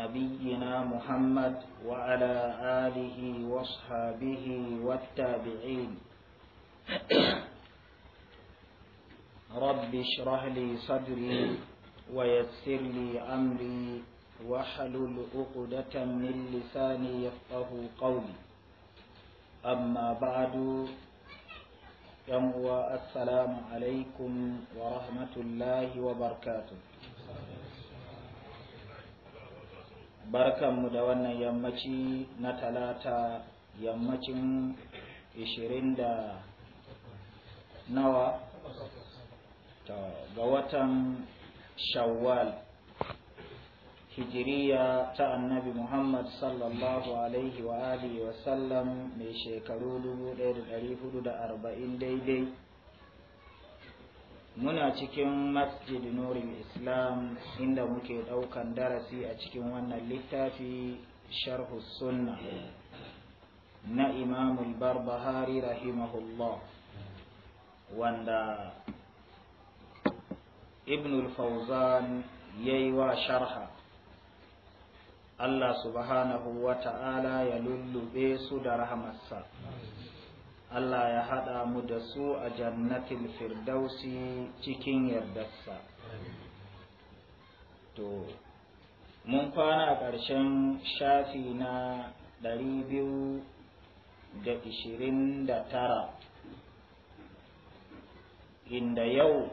نبينا محمد وعلى آله وصحبه والتابعين رب اشرح لي صدري ويسر لي أمري واحلل عقدة من لساني يفقه قولي أما بعد يموى السلام عليكم ورحمة الله وبركاته barkan mu da wannan yammaci na talata yammacin 20 da nawa ga watan shawwal hijiriya ta annabi muhammad sallallahu alaihi wa alihi wasallam mai shekaru 1440 daidai muna cikin masjid Nurin islam inda muke daukan darasi a cikin wannan littafi sharhu sunna na imamul barbahari rahimahullah wanda ibnul fauzan ya yi wa sharha allah subhanahu wa ta'ala ya lullube su da rahamarsa Allah ya haɗa mu da su a jannatin firdausi cikin yardarsa. To, mun kwana a ƙarshen shafi na ɗari biyu da ishirin da tara, inda yau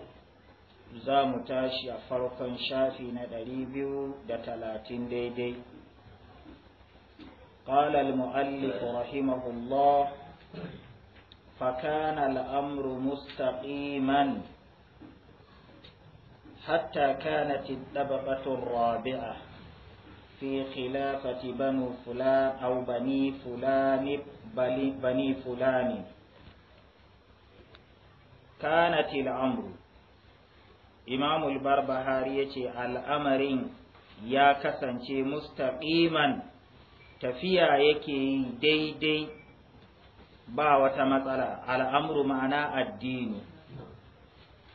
za mu tashi a farkon shafi na ɗari biyu da talatin daidai. قال المؤلف رحمه الله فكان الأمر مستقيما حتى كانت الطبقة الرابعة في خلافة بنو فلان أو بني فلان بني فلان كانت الأمر إمام البربهاري الأمر يا كسنشي مستقيما tafiya yake yi daidai ba wata matsala al'amru ma'ana addini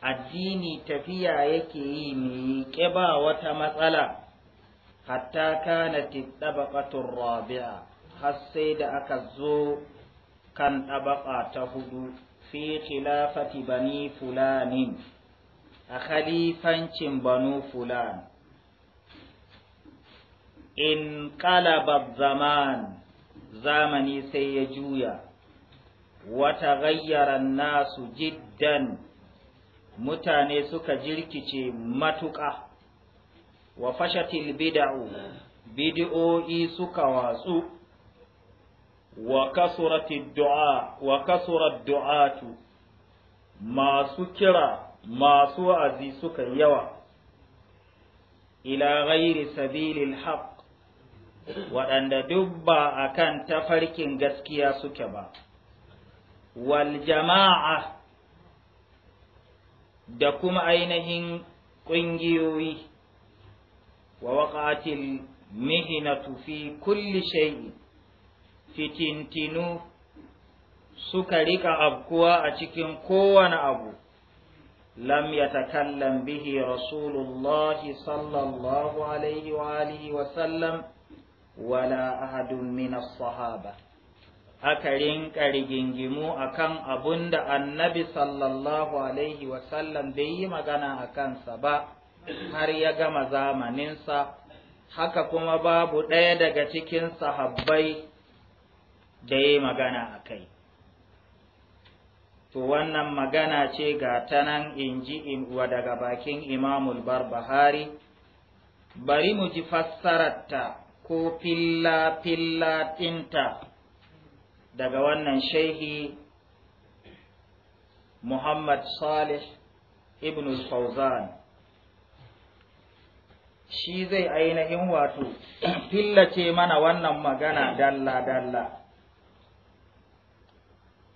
addini tafiya yake yi miƙe ba wata matsala hatta kana tabaqatur rabi'a har sai da aka zo kan ɗabaƙa ta hudu fi khilafati bani fulanin a khalifancin banu fulan in qalaba zaman zamani sai ya juya وتغير nasu jiddan mutane suka jirkice matuƙa wa fashatil bid'u bid'o'i suka watsu wa kasuratid du'a wa kasurat du'atu masu kira masu azi suka yawa ila ghairi sabilil haqq waɗanda duk ba akan tafarkin gaskiya suke ba wal jama'a da kuma ainihin ƙungiyoyi wa waƙatil mihinatu fi kulli shay'in fitintinu suka rika abkuwa a cikin kowane abu lam yatakallam bihi rasulullahi sallallahu alaihi wa alihi wa sallam wala ahadun min as-sahaba aka rinka rigingimu akan abun da annabi sallallahu alaihi wasallam bai yi magana a kansa ba har ya gama zamaninsa haka kuma babu ɗaya daga cikin sahabbai da ya magana a kai to wannan magana ce ga ta nan in ji daga bakin imamul barbahari bari mu ji fassararta ko filla-filla ɗinta daga wannan shehi Muhammad Salih ibn Fauzan shi zai ainihin wato fillace mana wannan magana dalla-dalla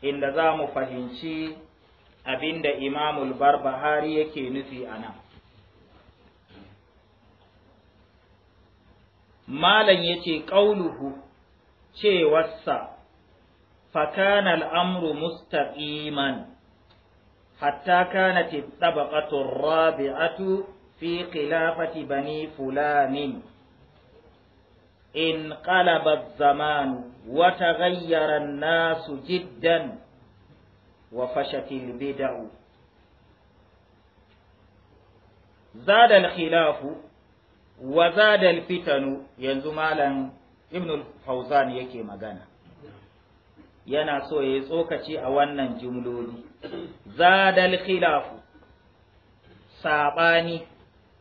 inda za mu fahimci abinda imamul barbahari yake nufi a nan malam ya ce ƙauluhu cewarsa فكان الأمر مستقيما حتى كانت الطبقة الرابعة في خلافة بني فلان انقلب الزمان وتغير الناس جدا وفشت البدع زاد الخلاف وزاد الفتن ينزمالا ابن الفوزان يكي مغانا yana so ya yi tsokaci a wannan jumloli zadal khilafu saɓani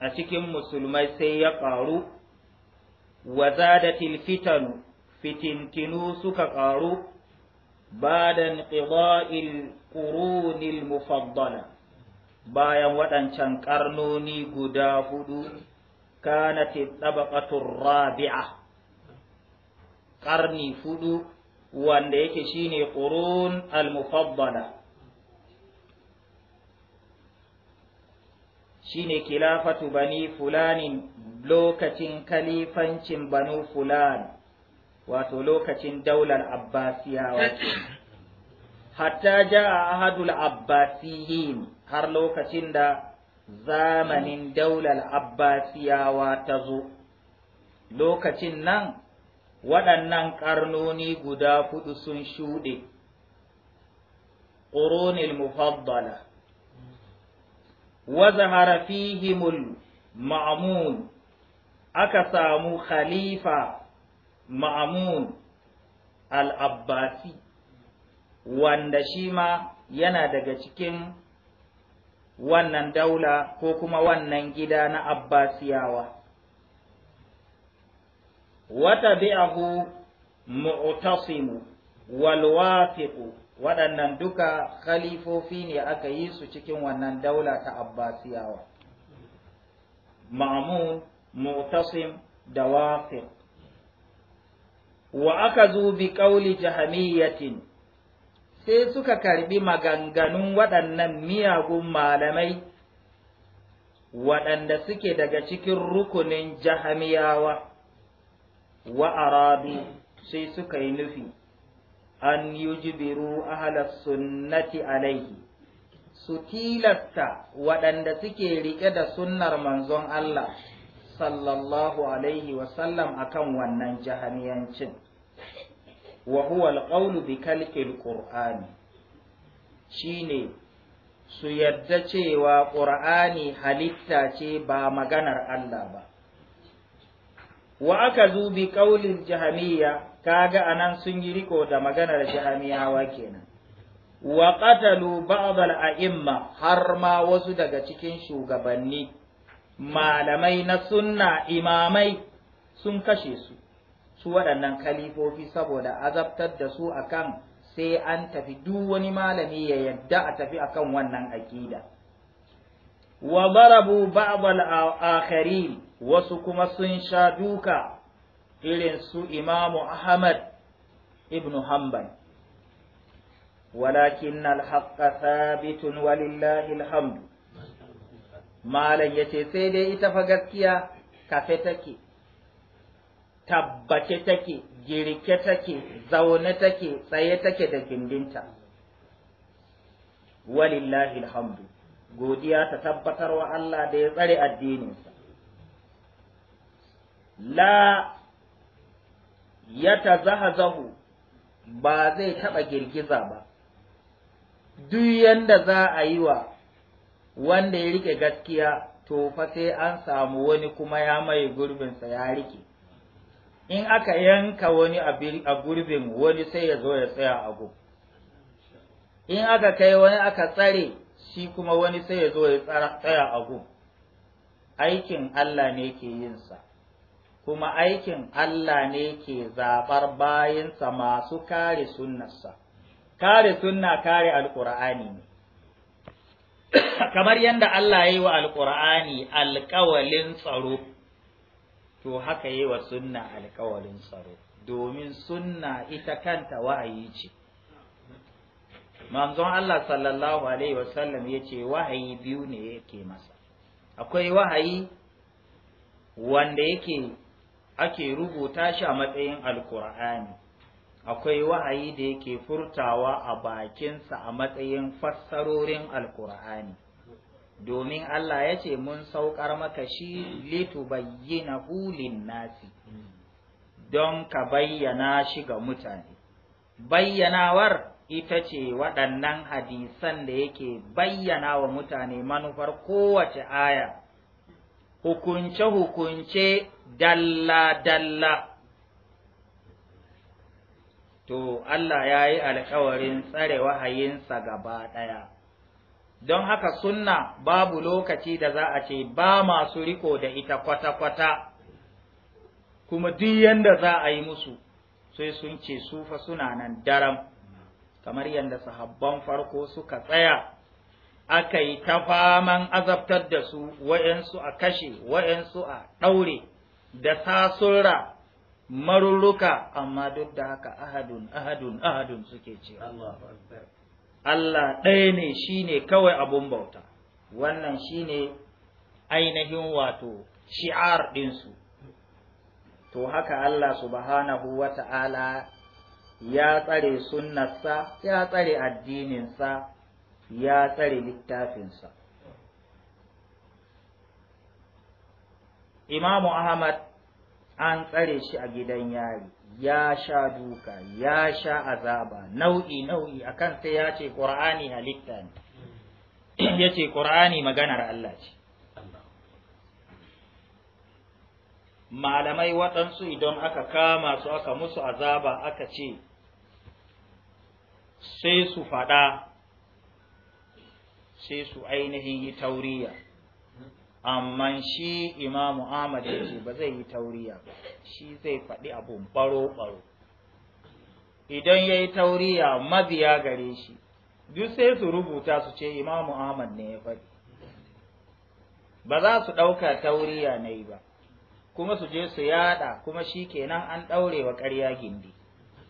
a cikin musulmai sai ya ƙaru wa zadatil fitanu fitintinu suka ƙaru badan ƙida'il qurunil mufaddala bayan waɗancan ƙarnoni guda hudu kanat tabaqatur rabi'a ƙarni hudu wanda yake shine qurun al-mufaddala shine kilafatu bani fulanin lokacin kalifancin banu fulan wato lokacin daular abbasiyawa hatta ja'a ahadul abbasiyin har lokacin da zamanin daular abbasiyawa ta zo lokacin nan waɗannan ƙarnoni guda hudu sun shuɗe ƙoronil mufaddala wa zahara himul ma'amun aka samu khalifa ma'amun al-abbasi wanda shi ma yana daga cikin wannan daula ko kuma wannan gida na abbasiyawa watabi'ahu mu'tasimu wal wafiqu waɗannan duka khalifofi ne aka yi su cikin wannan daula ta abbasiyawa ma'mun mu'tasim da wafiq wa aka zo bi ƙauli jahamiyyatin sai suka karbi maganganun waɗannan miyagun malamai waɗanda suke daga cikin rukunin jahamiyawa wa arabi sai suka yi nufi an yujibiru ahlas sunnati alaihi su tilasta waɗanda suke riƙe da sunnar manzon Allah sallallahu alaihi wasallam akan wannan jahaniyancin wa huwa alqawlu bi kalqil qur'ani shine su yarda cewa ƙur'ani halitta ce ba maganar Allah ba wa aka zubi ƙaulin jahamiya kaga anan sun yi riko da maganar jahamiyawa kenan wa qatalu ba'd al-a'imma har ma wasu daga cikin shugabanni malamai na sunna imamai sun kashe su su waɗannan kalifofi saboda azabtar da su akan sai an tafi duk wani malami ya yadda a tafi akan wannan aƙida. wa barabu ba'd al wasu kuma sun sha duka irin su imamu ahmad ibn hanbal walakin al-haqqa thabitun walillahi al-hamd malam yace sai dai ita fa gaskiya kafe take tabbace take girke take zaune take tsaye take da gindinta walillahi alhamdu godiya ta tabbatar wa Allah da ya tsare addininsa la ya ba zai taɓa girgiza ba duk yanda za a yi wa wanda ya rike gaskiya to fa sai an samu wani kuma ya mai gurbinsa ya rike in aka yanka wani a gurbin wani sai ya zo ya tsaya a in aka kai wani aka tsare shi kuma wani sai ya zo ya tsaya a gun aikin Allah ne ke yinsa kuma aikin Allah ne ke zaɓar bayansa masu kare sunnarsa kare sunna kare alƙur'ani ne kamar yadda Allah ya yi wa alƙur'ani alƙawalin tsaro to haka yi wa sunna alƙawalin tsaro domin sunna ita kanta wa'ayi ce manzon Allah sallallahu alaihi wasallam ya ce wahayi biyu ne yake masa akwai wahayi wanda yake ake rubuta shi a matsayin alkur'ani akwai wahayi da yake furtawa a bakinsa a matsayin fassarorin alkur'ani domin Allah ya ce mun saukar maka shi litubayyina hulin nasi don ka bayyana shi ga mutane bayyanawar ita ce waɗannan hadisan da yake bayyana wa mutane manufar kowace aya, hukunce-hukunce dalla-dalla. To, Allah ya yi alkawarin tsare wahayinsa gaba ɗaya. Don haka sunna babu lokaci da za a ce ba masu riko da ita kwata-kwata, kuma duk yanda za a yi musu, sai sun ce sufa suna nan daram. kamar yadda sahabban farko suka tsaya aka yi ta faman azabtar da su wa'yansu a kashe wa'yansu a ɗaure da sasurra marurruka amma duk da haka ahadun ahadun ahadun suke cewa Allah ɗaya ne shi ne kawai abun bauta wannan shi ne ainihin wato shi'ar ɗinsu to haka Allah subhanahu wa ta'ala ya tsare sunnarsa ya tsare addininsa ya tsare littafinsa imamu ahmad an tsare shi a gidan yari ya sha duka ya sha azaba nau'i nau'i akan sai ya ce qur'ani halitta ne ya ce qur'ani maganar Allah ce malamai waɗansu idan aka kama su aka musu azaba aka ce sai su faɗa sai su ainihin yi tauriya amma shi imamu ahmad ya ce ba zai yi tauriya shi zai faɗi abun baro-baro idan ya yi tauriya mabiya gare shi duk sai su rubuta su ce imamu ahmad ne ya faɗi ba za su ɗauka tauriya na ba kuma su je su yaɗa kuma shi kenan an ɗaure wa ƙarya gindi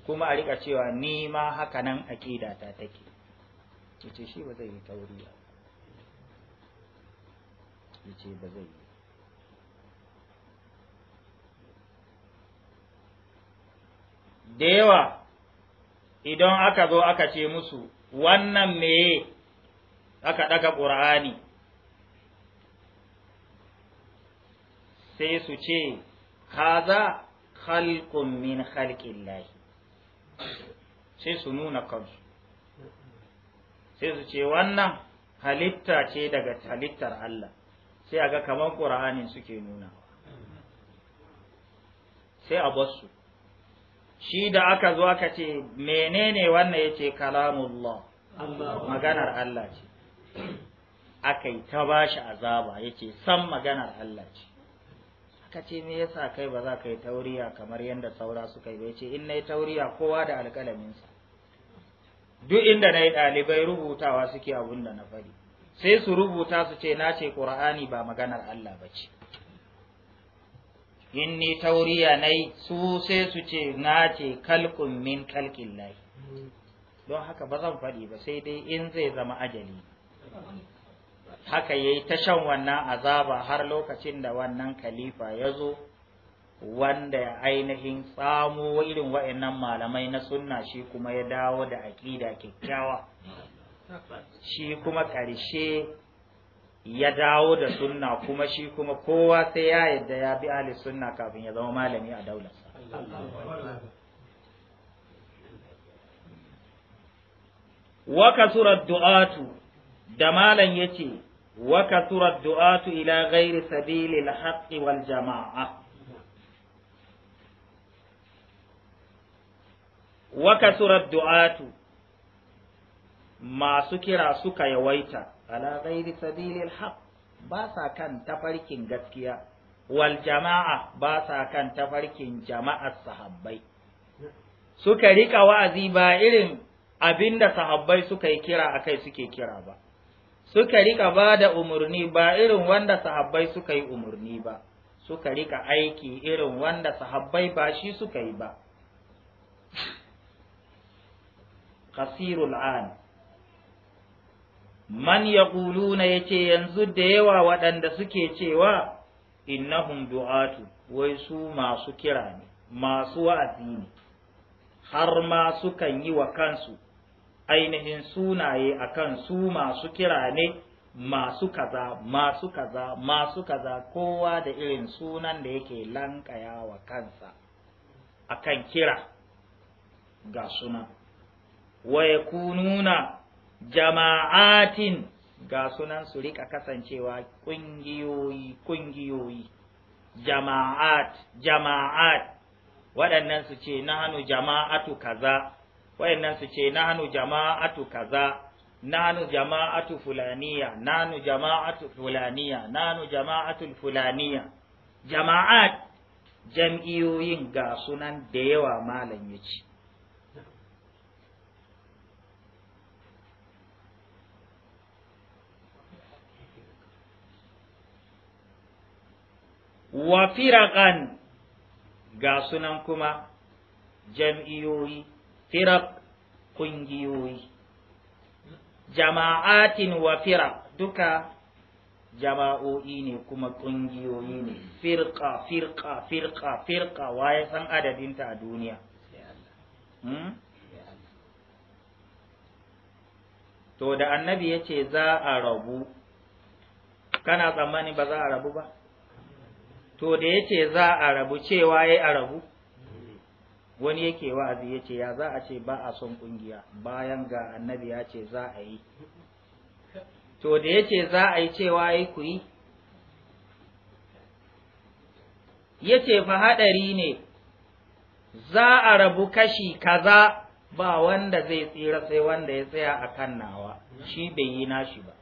kuma a rika cewa ni ma haka nan aƙida ta take yace shi ba zai yi tauri ba yace ba zai yi da yawa idan aka zo aka ce musu wannan meye aka ɗaga ƙur'ani sai su ce haza khalqun min khalqillahi sai su nuna kansu sai su ce wannan halitta ce daga halittar Allah sai a ga kamar ƙura'anin suke nuna sai a basu shi da aka zo aka ce menene wannan ya ce kalamullah maganar Allah ce aka yi ta ba shi azaba yake ce san maganar Allah ce aka ce me yasa kai ba za ka yi tauriya kamar yadda saura suka yi ba ya ce in na yi tauriya kowa da alƙalaminsa duk inda na yi ɗalibai rubutawa suke abin da na faɗi sai su rubuta su ce na ce ƙur'ani ba maganar Allah ba ce In ni tauriya na yi su sai su ce na ce kalkun min kalkin lai don haka ba zan faɗi ba sai dai in zai zama ajali haka ya yi ta shan wannan azaba har lokacin da wannan kalifa ya zo wanda ya ainihin tsamo irin wa'annan malamai na sunna shi kuma ya dawo da aƙida kyakkyawa shi kuma ƙarshe ya dawo da sunna kuma shi kuma kowa sai ya yadda ya bi ahli sunna kafin ya zama malami a daular waka kasurat du'atu da malam ya ce waka kasurat du'atu ila gairi sabilil haqqi wal jama'a wa kasurat du'atu masu kira suka yawaita ala ghairi sabilil haq ba sa kan tafarkin gaskiya wal jama'a ba sa kan tafarkin jama'ar sahabbai suka rika wa'azi ba irin abinda sahabbai suka yi kira akai suke kira ba suka rika bada da umarni ba irin wanda sahabbai suka yi umarni ba suka rika aiki irin wanda sahabbai ba shi suka yi ba qasirul an man yaquluna yace yanzu da yawa waɗanda suke cewa innahum du'atu wai su masu kira ne masu wa'azi ne har ma sukan yi wa kansu ainihin sunaye akan su masu kira ne masu kaza masu kaza masu kaza kowa da irin sunan da yake lankaya wa kansa akan kira ga sunan wa yakununa jama'atin ga sunan su rika kasancewa kungiyoyi kungiyoyi jama'at jama'at waɗannan su ce nahanu jama'atu kaza waɗannan su ce nahanu jama'atu kaza nahanu jama'atu fulaniya nanu jama'atu fulaniya nahanu jama'atu fulaniya jama'at jam'iyoyin ga sunan da yawa malam ya ce wa firaƙan ga sunan kuma jam'iyoyi firak ƙungiyoyi jama'atin wa duka jama'o'i ne kuma ƙungiyoyi ne firƙa-firƙa-firƙa-firƙa wa waye san adadinta a duniya hmm? to da annabi ya ce za a rabu kana tsammani ba za a rabu ba to da yace za a rabu cewa yayi a rabu wani yake wa'azi yace ya za a ce ba a son kungiya bayan ga annabi ya ce za a yi to da yace za a yi cewa yayi ku yi yace fa hadari ne za a rabu kashi kaza ba wanda zai tsira sai wanda ya tsaya a kan nawa shi bai yi nashi ba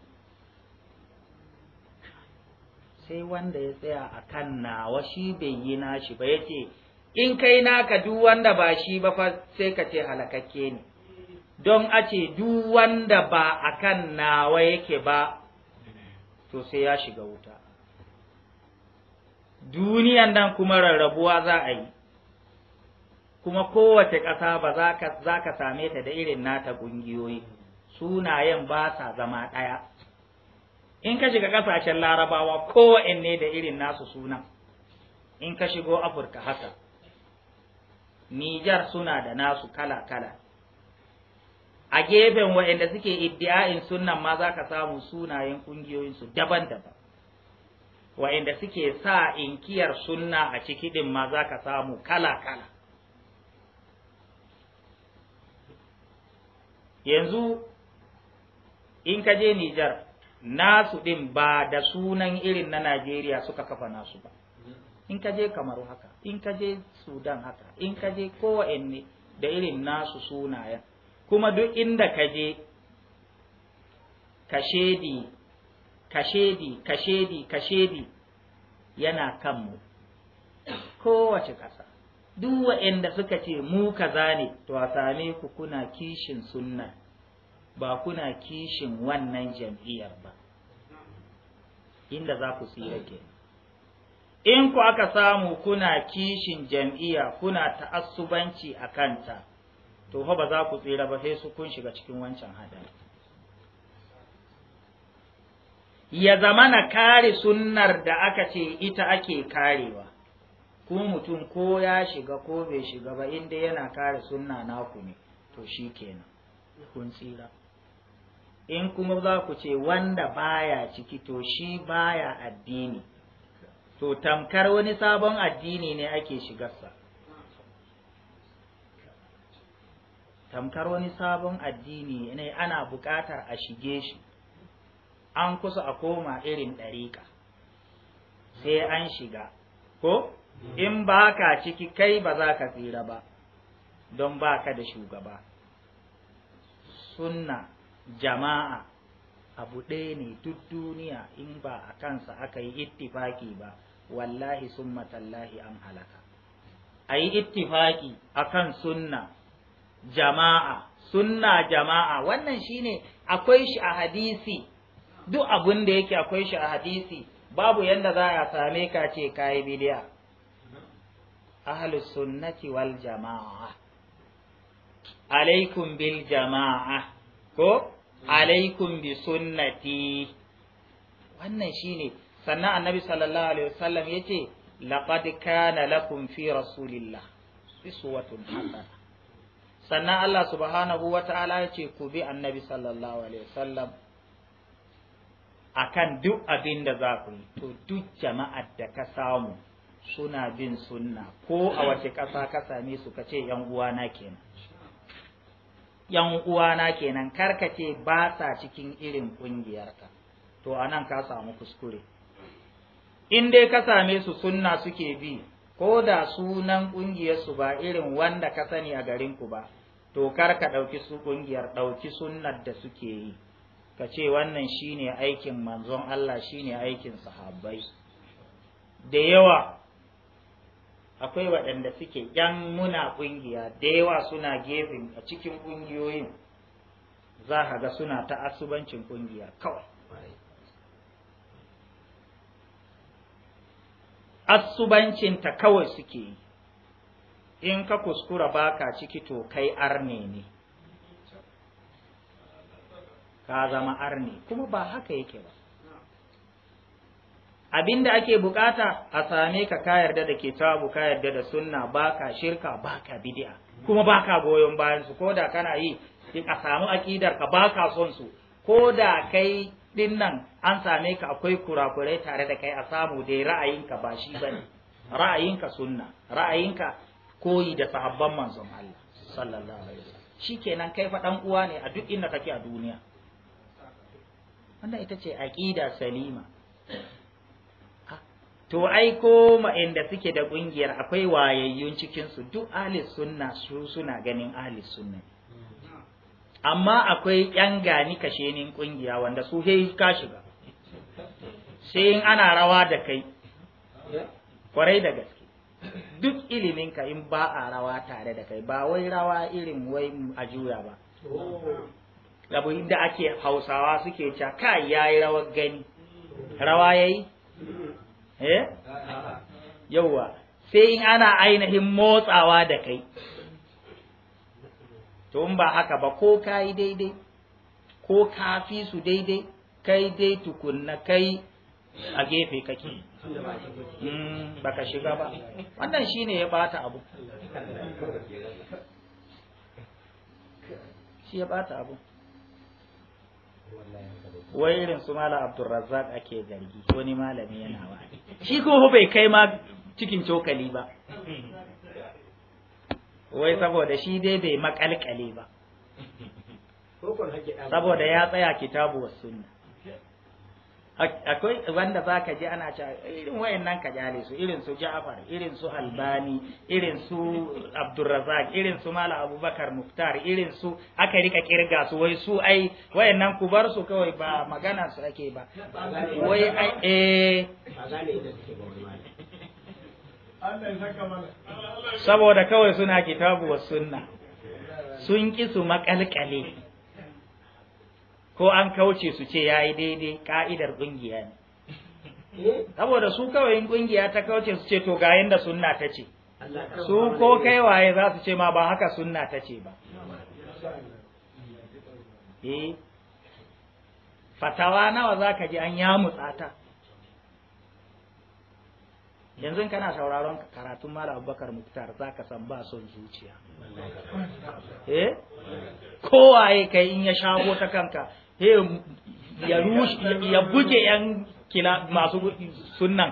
sai wanda ya tsaya a kan nawa shi bai yi nashi ba yace in kai naka duk wanda ba shi ba fa sai ka ce halakakke ne don a ce duk wanda ba a kan nawa yake ba to sai ya shiga wuta duniyan nan kuma rarrabuwa za a yi kuma kowace ƙasa ba za ka same ta da irin nata ƙungiyoyi sunayen ba sa zama ɗaya in ka shiga ƙasashen larabawa kowanne da irin nasu sunan in ka shigo afirka haka nijar suna da nasu kala-kala a gefen waɗanda suke iddia'in sunan ma za ka samu sunayen ƙungiyoyinsu daban-daban waɗanda suke sa inkiyar sunna a ciki ɗin ma za ka samu kala-kala yanzu in ka je nijar nasu ɗin ba da sunan irin na Najeriya suka kafa nasu ba. In ka je Kamaru haka, in ka je Sudan haka, in ka je kowanne da irin nasu sunayen. Kuma duk inda ka je, kashedi, kashedi, kashedi, kashedi yana kanmu. Kowace ƙasa, duk waɗanda suka ce mu kaza ne, to a same ku kuna kishin sunna. ba kuna kishin wannan jam'iyyar ba inda za ku tsira ke in ku aka samu kuna kishin jam'iyya kuna ta'assubanci a kanta to fa ba za ku tsira ba sai su kun shiga cikin wancan hadari ya zama na kare sunnar da aka ce ita ake karewa ku mutum ko ya shiga ko bai shiga ba inda yana kare sunna naku ne to shi kenan kun tsira in kuma za ku ce wanda baya ciki to shi baya addini to tamkar wani sabon addini ne ake shigarsa tamkar wani sabon addini ne ana buƙatar a shige shi an kusa a koma irin ɗariƙa sai an shiga ko in ba ka ciki kai ba za ka tsira ba don ba ka da shugaba sunna jama'a abu ɗaya ne duk duniya in ba a kansa aka yi ittifaki ba wallahi sun matallahi an halaka a yi ittifaki akan sunna jama'a sunna jama'a wannan shine akwai shi a hadisi duk abin da yake akwai shi a hadisi babu yadda za a same ka ce kayi bidiya ahlus sunnati wal jama'a alaikum bil jama'a ko alaikum bi sunnati wannan shine sannan annabi sallallahu alaihi wasallam yace laqad kana lakum fi rasulillah iswatun hasana sannan Allah subhanahu wata'ala yace ku bi annabi sallallahu alaihi wasallam akan duk abin da za ku yi to duk jama'ar da ka samu suna bin sunna ko a wace ƙasa ka same su ka ce yan uwana kenan yan uwana kenan karkace ba sa cikin irin ƙungiyarka to a nan ka samu kuskure in dai ka same su sunna suke bi ko da sunan ƙungiyarsu ba irin wanda ka sani a garin ku ba to kar ka ɗauki su ƙungiyar ɗauki sunnar da suke yi ka ce wannan shine aikin manzon Allah shine aikin sahabbai da yawa akwai waɗanda suke yan muna ƙungiya da yawa suna gefen a cikin ƙungiyoyin za ka ga suna ta asubancin ƙungiya kawai asubancinta kawai suke yi in ka kuskura baka ciki to kai arne ne ka zama arne kuma ba haka yake ba abinda ake bukata a same ka ka yarda da kitabu ka yarda da sunna baka shirka ka bid'a kuma baka goyon bayan su koda kana yi a samu akidar ka baka son su koda kai din nan an same ka akwai kurakurai tare da kai a samu dai ra'ayinka ba shi bane ra'ayinka sunna ra'ayinka koyi da sahabban manzon Allah sallallahu alaihi wasallam shikenan kai fa dan uwa ne a duk inda kake a duniya wannan ita ce aqida salima to ai ko ma'inda suke da ƙungiyar akwai wayayyun cikinsu duk ahli sunna su suna ganin ahli sunna amma akwai yan gani kashenin kungiya wanda su he ka shiga sai in ana rawa da kai kwarai da gaske duk ilimin ka in ba a rawa tare da kai ba wai rawa irin wai a juya ba abu inda ake hausawa suke cewa kai yayi rawar gani rawa yayi Eh? yauwa yawwa sai in ana ainihin motsawa da kai to ba haka ba ko ka yi daidai ko ka fi su daidai kai dai tukunna kai a gefe kake hmm, ka shiga ba wannan shine ya bata abu shi ya bata abu wai irin su mala abdulrazzaq ake zargi wani malami yana wa shi kofu bai kai ma cikin cokali ba wai saboda shi dai bai makalkale ba saboda ya tsaya kitabu wasu sunna akwai wanda za ka ji ana ce irin nan ka jale su irin su Ja'far irin su Albani irin su Abdurrazak irin su Mala Abubakar Muftar irin su aka rika kirga su wai su ai nan ku bar su kawai ba magana su ake ba wai ai eh saboda kawai suna kitabu wa sunna sun ki su makalkale ko an kauce su ce yayi daidai ka'idar kungiya ne eh? saboda su kawai in kungiya ta kauce su ce to ga yanda sunna ta ce su ko kai waye za su ce ma ba haka sunna ta ce ba eh fatawa nawa za ka ji an yamutsa ta yanzu kana sauraron karatun Malam abubakar muktar za ka san ba son zuciya eh kowaye kai in ya shago ta kanka ya buge yan kila masu sunnan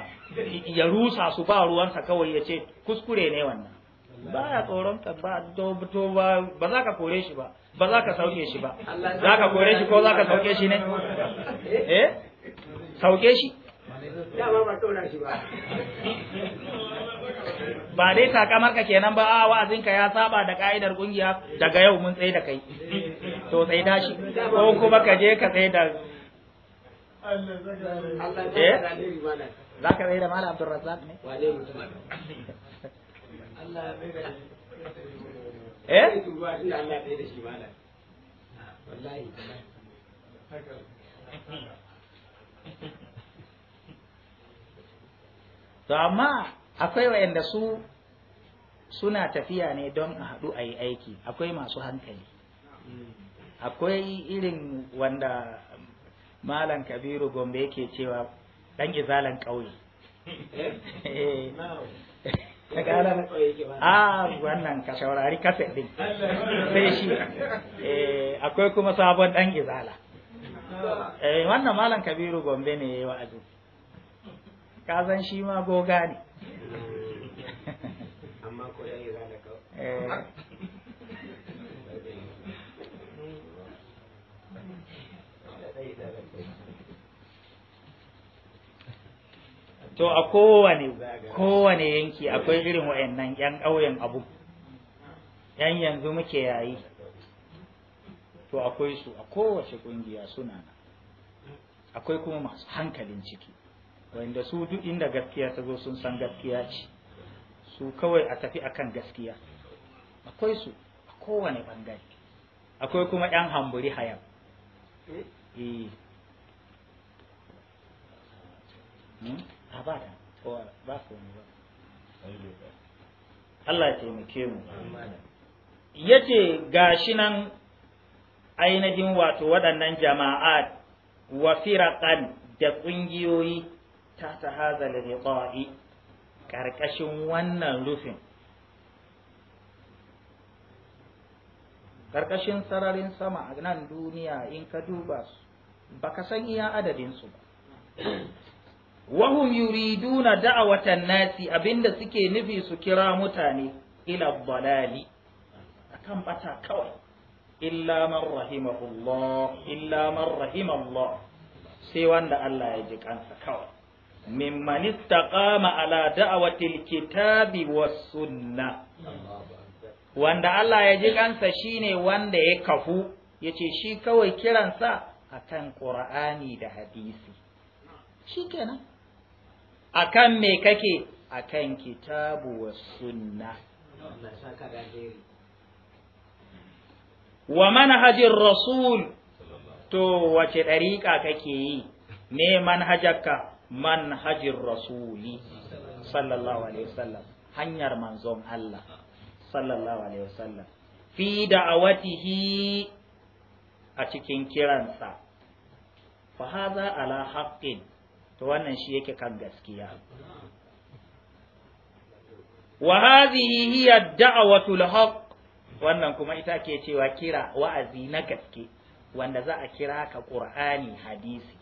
ya rusa su ba ruwansa kawai ya ce kuskure ne wannan ba ya tsoron ka ba to ba ba za ka kore shi ba ba za ka sauke shi ba za ka kore shi ko za ka sauke shi ne eh sauke shi ba dai takamar ka kenan ba a wa'azinka ya saba da ka'idar kungiya daga yau mun tsaye da kai to tsaye da shi ko kuma ka je ka tsaye da Allah eh? za ka tsaye da malam Razzaq ne wale mutum eh to amma akwai wa'anda su suna tafiya ne don a haɗu a yi aiki akwai masu hankali hmm. akwai irin wanda malam kabiru gombe yake cewa dan izalan ƙauye eh. a ah, wannan ka saurari kaset din sai shi eh, akwai kuma sabon dan izala eh, wannan malam kabiru gombe ne ya yi wa'azi ka san shi ma goga ne amma ko ya izala kawai to a kowane kowane yanki akwai irin wa'annan yan ƙauyen abu yan yanzu muke yayi to akwai su a kowace ƙungiya suna nan akwai kuma masu hankalin ciki wanda su duk inda gaskiya ta zo sun san gaskiya ce su kawai a tafi akan gaskiya akwai su a kowane bangare akwai kuma yan hamburi hayan eh hmm? a ba su wani ba Allah ya taimake mu ya ce gashi nan ainihin wato waɗannan jama'a wa firaƙan da ƙungiyoyi ta ta hazal ƙarƙashin wannan rufin ƙarƙashin sararin sama a nan duniya in ka duba su baka san iya adadinsu ba wahum yuriduna da'awatan nasi abinda suke nufi su kira mutane ila balali akan bata kawai illa man rahimahullah illa man rahimallah sai wanda Allah ya ji kansa kawai mimman istaqama ala da'awatil kitabi was sunnah wanda Allah ya ji kansa shine wanda ya kafu yace shi kawai kiransa akan qur'ani da hadisi akan me kake akan kitabu wa sunna wa manhajin rasul to wace ɗariƙa kake yi me manhajarka manhajin rasuli sallallahu alaihi wasallam hanyar manzon Allah sallallahu alaihi wasallam fi da'awatihi a cikin kiransa fa haza ala haqqin to wannan shi yake kan gaskiya wa hadhihi hiya da'watul wannan kuma ita ke cewa kira wa'azi na gaske wanda za a kira ka qur'ani hadisi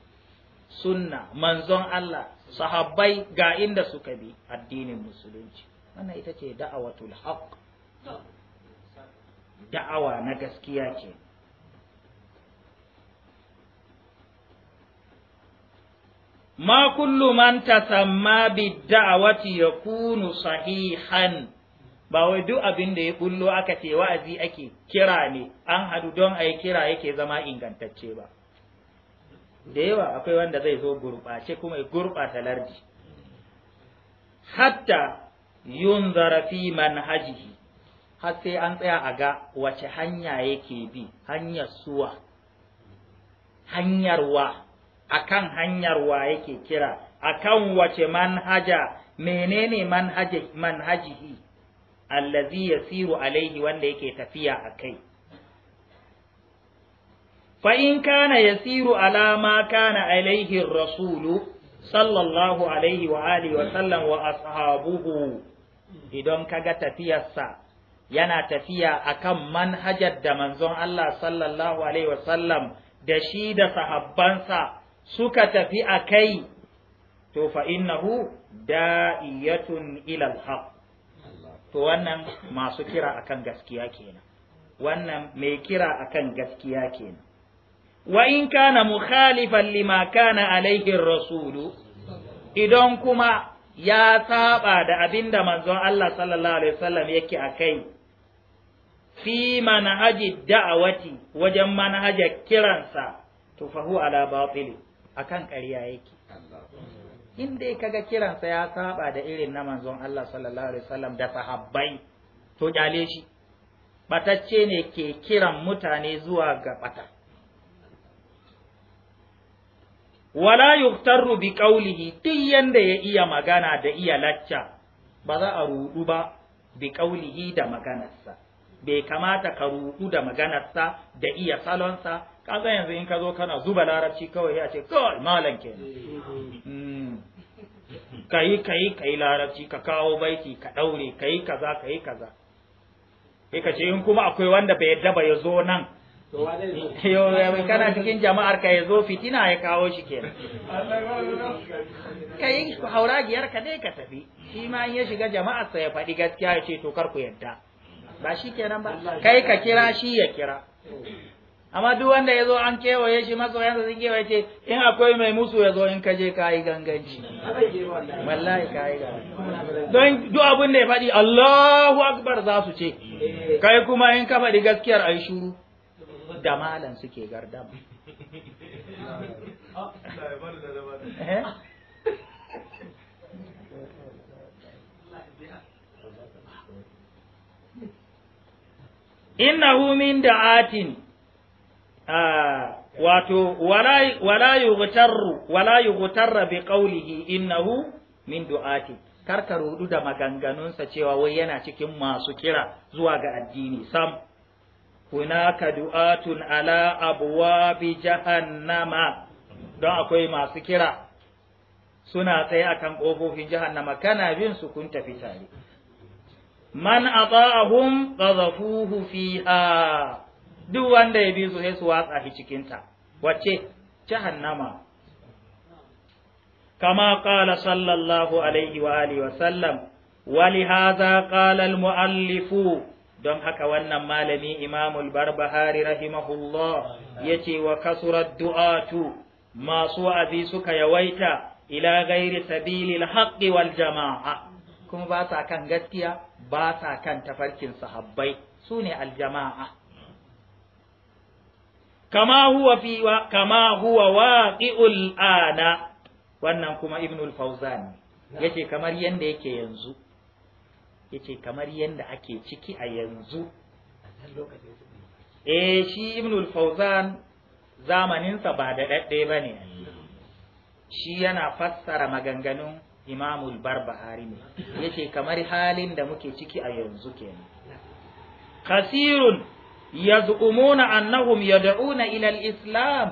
sunna manzon Allah sahabbai ga inda suka bi addinin musulunci wannan ita ce da'awatul haqq da'awa na gaskiya ce ما كل من تسمى بالدعوة يكون صحيحا ba wai duk abin da ya bullo aka ce wa'azi ake kira ne an haɗu don a yi kira yake zama ingantacce ba da yawa akwai wanda zai zo gurɓace kuma ya gurɓata lardi hatta yun zarafi manhaji. har sai an tsaya a ga wace hanya yake bi hanyar suwa hanyar wa akan hanyar wa yake kira akan wace manhaja menene manhaji manhajihi allazi yasiru alaihi wanda yake tafiya a kai fa in kana yasiru ala ma kana alaihi rasulu sallallahu alaihi wa alihi wa sallam wa ashabuhu idan kaga tafiyarsa yana tafiya akan manhajar da manzon Allah sallallahu alaihi wa sallam da shi da sahabbansa suka tafi a kai to fa innahu da'iyatun ila to wannan masu kira akan gaskiya kenan wannan mai kira akan gaskiya kenan wa in kana mukhalifan lima kana alaihi rasulu idan kuma ya saba da abinda manzon Allah sallallahu alaihi wasallam yake akai fi manhaji da'awati wajen manhajar kiransa to fa ala batili akan ƙarya yake in dai kaga kiransa ya saba da irin na manzon Allah sallallahu alaihi wasallam da sahabbai to kyale shi batacce ne ke kiran mutane zuwa ga bata wala yuftaru bi qawlihi duk yanda ya iya magana da iya lacca ba za a rudu ba bi qawlihi da maganarsa bai kamata ka rudu da maganarsa da iya salonsa kaga yanzu in ka zo kana zuba larabci kawai ya ce kawai malam kenan hmm. yi ka yi larabci ka kawo baiti ka daure yi kaza yi kaza kai ka ce in kuma akwai wanda bai yadda ba ya zo nan kana cikin jama'ar ka ya zo fitina ya kawo shi kenan ka yi hauragiyar ka dai ka tafi shi ma in ya shiga jama'ar sa ya faɗi gaskiya ya ce to kar ku yadda ba shi kenan ba kai ka kira shi ya kira amma duk wanda ya zo an kewaye shi masoyansa sun kewaye ce in akwai mai musu ya zo in ka je ka yi ganganci wallahi ka yi don duk abin da ya faɗi Allahu akbar za su ce eh. kai kuma in ka faɗi gaskiyar ai shuru da malan suke gardama innahu min da'atin wato wala yughtarru wala yughtarra bi qawlihi innahu min du'ati karka rudu da maganganunsa cewa wai yana cikin masu kira zuwa ga addini sam hunaka du'atun ala abwabi jahannama don akwai masu kira suna tsaye akan kofofin jahannama kana bin su kun tafi tare man ata'ahum qadhafuhu fiha duk wanda ya bi su sai su watsa shi cikin ta wace jahannama kama qala sallallahu alaihi wa alihi wa sallam ولهذا قال المؤلف don haka wannan malami imamul barbahari rahimahullah ya ce wa kasurar du'atu masu wa'azi suka yawaita ila gairi sabilil haqqi wal jama'a kuma ba sa kan gaskiya ba sa kan tafarkin sahabbai su ne aljama'a kama huwa fi kama huwa waqi'ul ana wannan kuma ibnul fauzan yace kamar yanda yake yanzu yace kamar yanda ake ciki a yanzu eh shi ibnul fauzan zamaninsa ba da ba bane shi yana fassara maganganun imamul barbahari ne yace kamar halin da muke ciki a yanzu kenan kasirun yaz'umuna annahum yad'una ila al-islam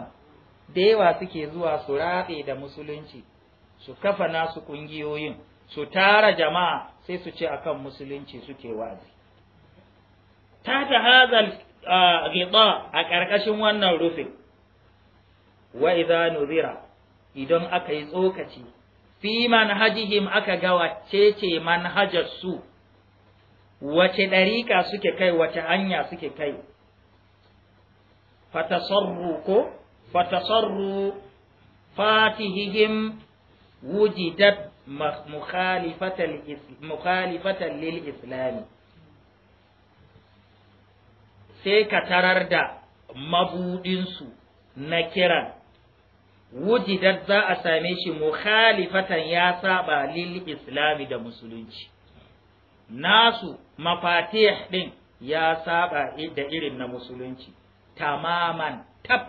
da yawa suke zuwa su ratse da musulunci su kafa nasu kungiyoyin su tara jama'a sai su ce akan musulunci suke wazi ta ta hazal gida a ƙarƙashin wannan rufin wa idza nuzira idan aka yi tsokaci fi manhajihim aka ga wacece ce manhajar su wace ɗariƙa suke kai wace hanya suke kai fatasarru ko fatasarru fatihihim wujidat mukhalifatan lil islami sai ka tarar da mabuɗinsu na kiran wujidat za a same shi mukhalifatan ya saba lil islami da musulunci nasu mafatih din ya saba da irin na musulunci tamaman tab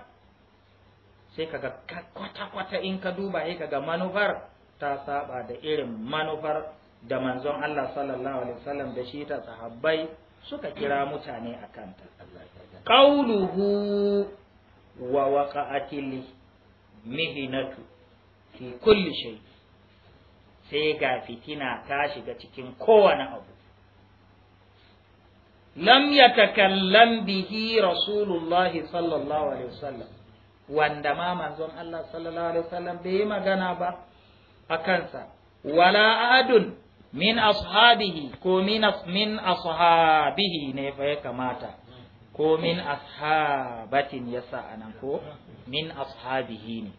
sai kaga kwata-kwata in ka duba sai kaga manufar ta saba da irin manufar da manzon Allah sallallahu alaihi wasallam da shi ta sahabbai suka kira mutane akan ta qauluhu wa waqa'atihi mihinatu fi kulli shay sai ga fitina ta shiga cikin kowane abu lam yatakallam bihi rasulullahi sallallahu alaihi wasallam wanda ma manzon Allah sallallahu alaihi wasallam bai yi magana ba a kansa wala adun min ashabihi ko min min ashabihi ne fa ya kamata ko min ashabatin yasa anan ko min ashabihi ne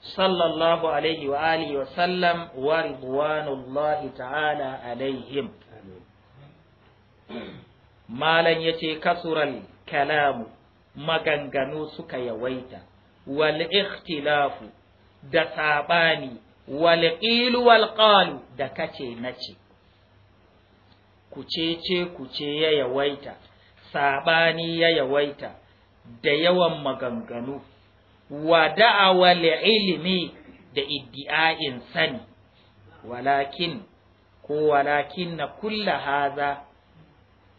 sallallahu alaihi wa alihi wa sallam wa ridwanullahi ta'ala alaihim malan yace kasural kalamu maganganu suka yawaita wal ikhtilafu da sabani wal qilu wal qalu da kace nace kucece kuce ya yawaita sabani ya yawaita da yawan maganganu wa da'awa ilimi da iddi'a'in sani walakin ko walakin na kulla haza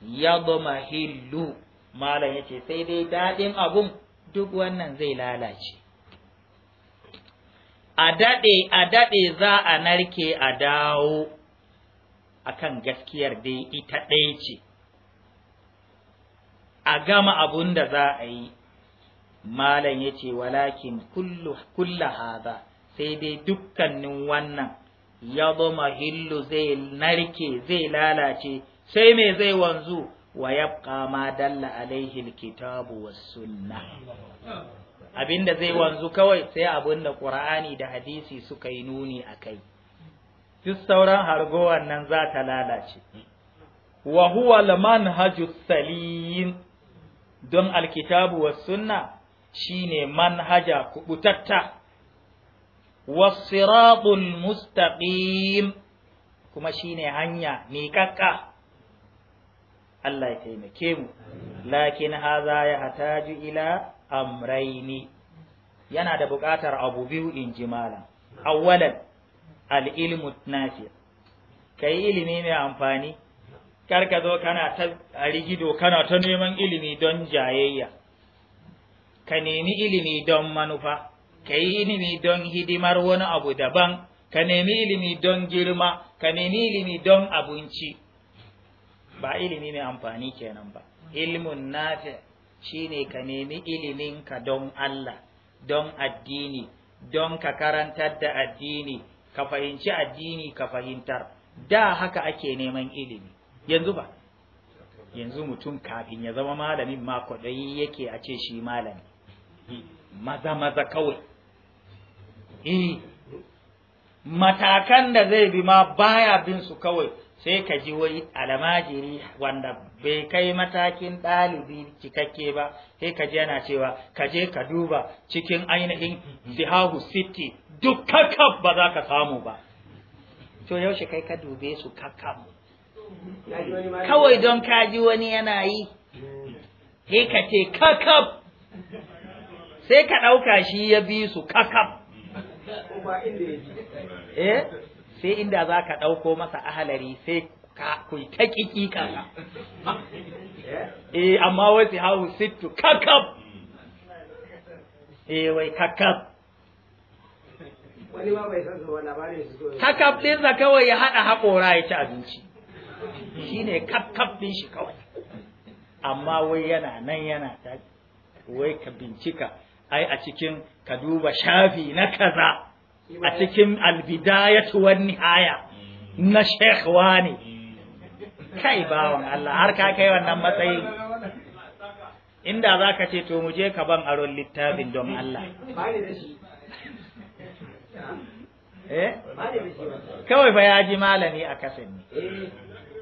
ya goma hillu malam ya ce sai dai daɗin abun duk wannan zai lalace a daɗe a daɗe za a narke a dawo akan gaskiyar dai ita ɗaya ce a gama abun da za a yi malam ya ce walakin kulla haza sai dai dukkanin wannan ya zama hillu zai narke zai lalace sai mai zai wanzu wa yabqa ma dalla alaihi alkitabu was sunna abinda zai wanzu kawai sai da qur'ani da hadisi suka yi nuni akai duk sauran hargowan nan za ta lalace wa huwa al manhajus don alkitabu wa sunna shine manhaja kubutatta wasiratul mustaqim kuma shine hanya miƙaƙƙa Allah ya taimake mu lakin haza ya hataju ila amraini yana da buƙatar abu biyu in ji malam awwalan al-ilmu nafi kai ilimi mai amfani kar ka zo kana ta rigido kana ta neman ilimi don jayayya ka nemi ilimi don manufa ka yi ilimi don hidimar wani abu daban ka nemi ilimi don girma ka nemi ilimi don abinci ba ilimi mai amfani kenan ba ilmun nafi ne ka nemi ilimin ka don Allah don addini don ka karantar da addini ka fahimci addini ka fahimtar da haka ake neman ilimi yanzu ba yanzu mutum kafin ya zama malamin ma kwaɗayi yake a ce shi malami maza maza kawai eh matakan da zai bi ma baya bin su kawai sai ka ji wai almajiri wanda bai kai matakin ɗalibi cikakke ba sai ka ji yana cewa ka je ka duba cikin ainihin sihahu city duk kakab ba za ka samu ba to yaushe kai ka dube su kakab kawai don kaji wani yana yi sai ka ce kakaf sai ka ɗauka shi ya bi su kakaf eh sai inda za ka ɗauko masa ahalari sai ka kui ta ƙiƙi kaka eh amma wai su hau sittu kakaf eh wai kakaf wani ma bai san labarin su kakaf ɗinsa kawai ya haɗa haƙora ya ci abinci shi ne kaf din shi kawai amma wai yana nan yana ta wai ka bincika ai a cikin ka duba shafi na kaza a cikin albidayatu wan nihaya na sheikh wani kai bawan Allah har ka kai wannan matsayi inda za ka ce to muje ka ban aron littafin don Allah eh? kawai fa ya ji malami a kasan ne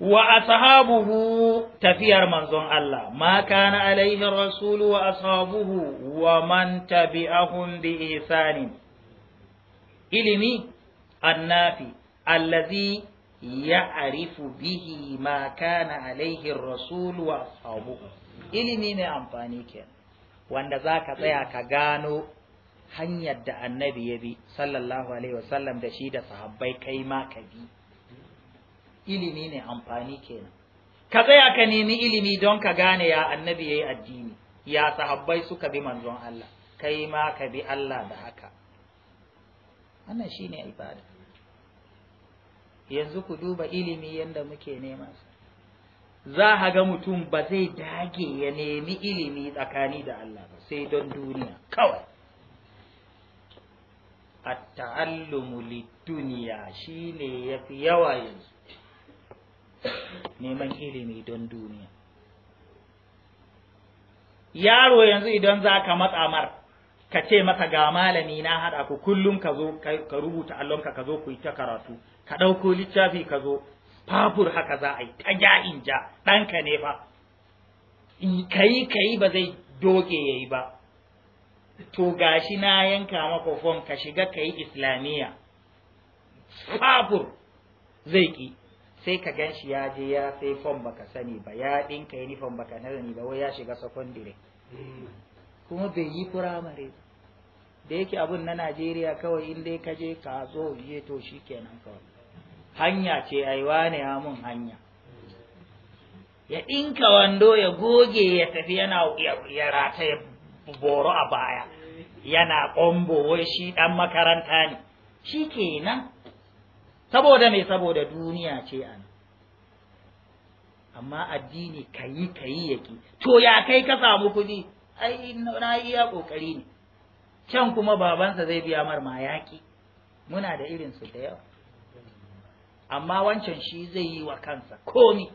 wa ashabuhu tafiyar manzon Allah ma kana alaihi rasulu wa ashabuhu wa man tabi'ahum bi ihsanin ilimi annafi allazi ya'rifu bihi ma kana alaihi rasulu wa ashabuhu ilimi ne amfani kenan wanda zaka tsaya ka gano hanyar da annabi ya bi sallallahu alaihi wasallam da shi da sahabbai kai ma ka bi ilimi ne amfani kenan ka tsaya ka nemi ilimi don ka gane ya annabi yayi addini ya sahabbai suka bi manzon Allah kai ma ka bi Allah da haka wannan shine ibada yanzu ku duba ilimi yanda muke nema za a ga mutum ba zai dage ya nemi ilimi tsakani da Allah ba sai don duniya kawai at-ta'allumu lid-dunya shine yafi yawa yanzu neman ilimi don duniya yaro yanzu idan za ka matsa mar ka ce masa ga malami na haɗa ku kullum ka zo ka rubuta allonka ka zo ku yi ta karatu ka ɗauko littafi ka zo fafur haka za a yi ta ja in ja ɗanka ne fa ka yi ba zai doge ya yi ba to gashi na yanka maka fom ka shiga ka yi islamiyya fafur zai ƙi. sai ka gan shi ya je ya sai fom baka sani ba ya ɗinka uniform baka sani ba wai ya shiga secondary kuma bai yi firamare da yake abun na Najeriya kawai in dai ka je ka zo je to shi kenan kawai hanya ce aiwa ne ya mun hanya ya ɗinka wando ya goge ya tafi yana ya rata ya boro a baya yana ƙombo wai shi ɗan makaranta ne shi kenan saboda me saboda duniya ce an amma addini kayi kayi yake to ya kai ka samu kuɗi ai na iya kokari ne can kuma babansa zai biya mar ma yaki muna da irinsu da yawa amma wancan shi zai yi wa kansa komi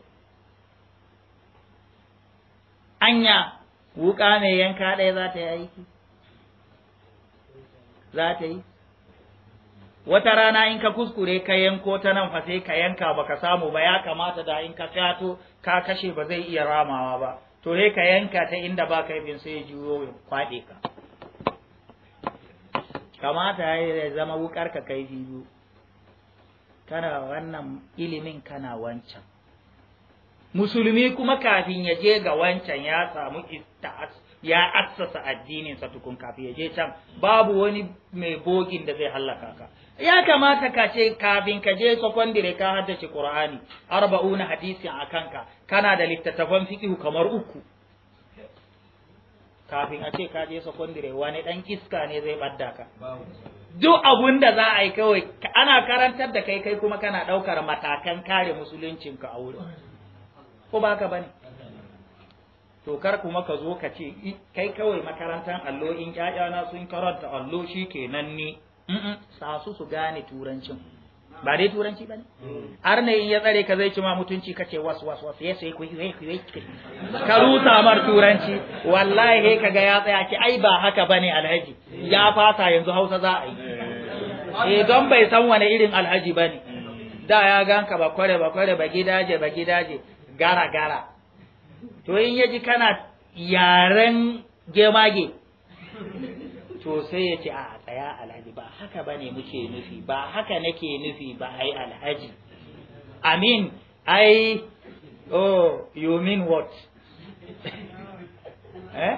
anya wuƙa mai yanka ɗaya za ta yi aiki za ta yi wata rana in ka kuskure ka yanko ta nan fa sai ka yanka baka samu ba ya kamata da in ka tsato ka kashe ba zai iya ramawa ba to sai ka yanka ta inda ba ka bin sai juyo ya kwaɗe ka kamata ya zama wukar ka kai biyu kana wannan ilimin kana wancan musulmi kuma kafin ya je ga wancan ya samu ya assasa addininsa tukun kafin ya je can babu wani mai bogin da zai hallaka ka ya kamata ka ce kafin ka je secondary ka haddace Qur'ani arba'una hadisi a kanka kana da littattafan fiqh kamar uku kafin a ce ka je secondary wani dan iska ne zai badda ka duk abun da za a yi kawai ana karantar da kai kai kuma kana daukar matakan kare musuluncinka a wurin ko ba ka bane to kar kuma ka zo ka ce kai kawai makarantar allo in ƴaƴana sun karanta allo shikenan ni sa su su gane turancin ba dai turanci ba ne mm. har ne in ya tsare ka zai ci ma mutunci ka ce yes wasu wasu yesu ku ka rusa mar turanci wallahi he kaga ya tsaya ki ai ba haka bane alhaji mm. ya fasa yanzu hausa za a yi mm. eh don bai san wani irin alhaji bane da ya ganka ba kware ba kware ba gidaje ba gidaje gara gara to in yaji kana yaren gemage to sai ya ce a ah, tsaya alhaji ba haka bane muke nufi ba haka nake nufi ba ai alhaji amin ai oh you mean what eh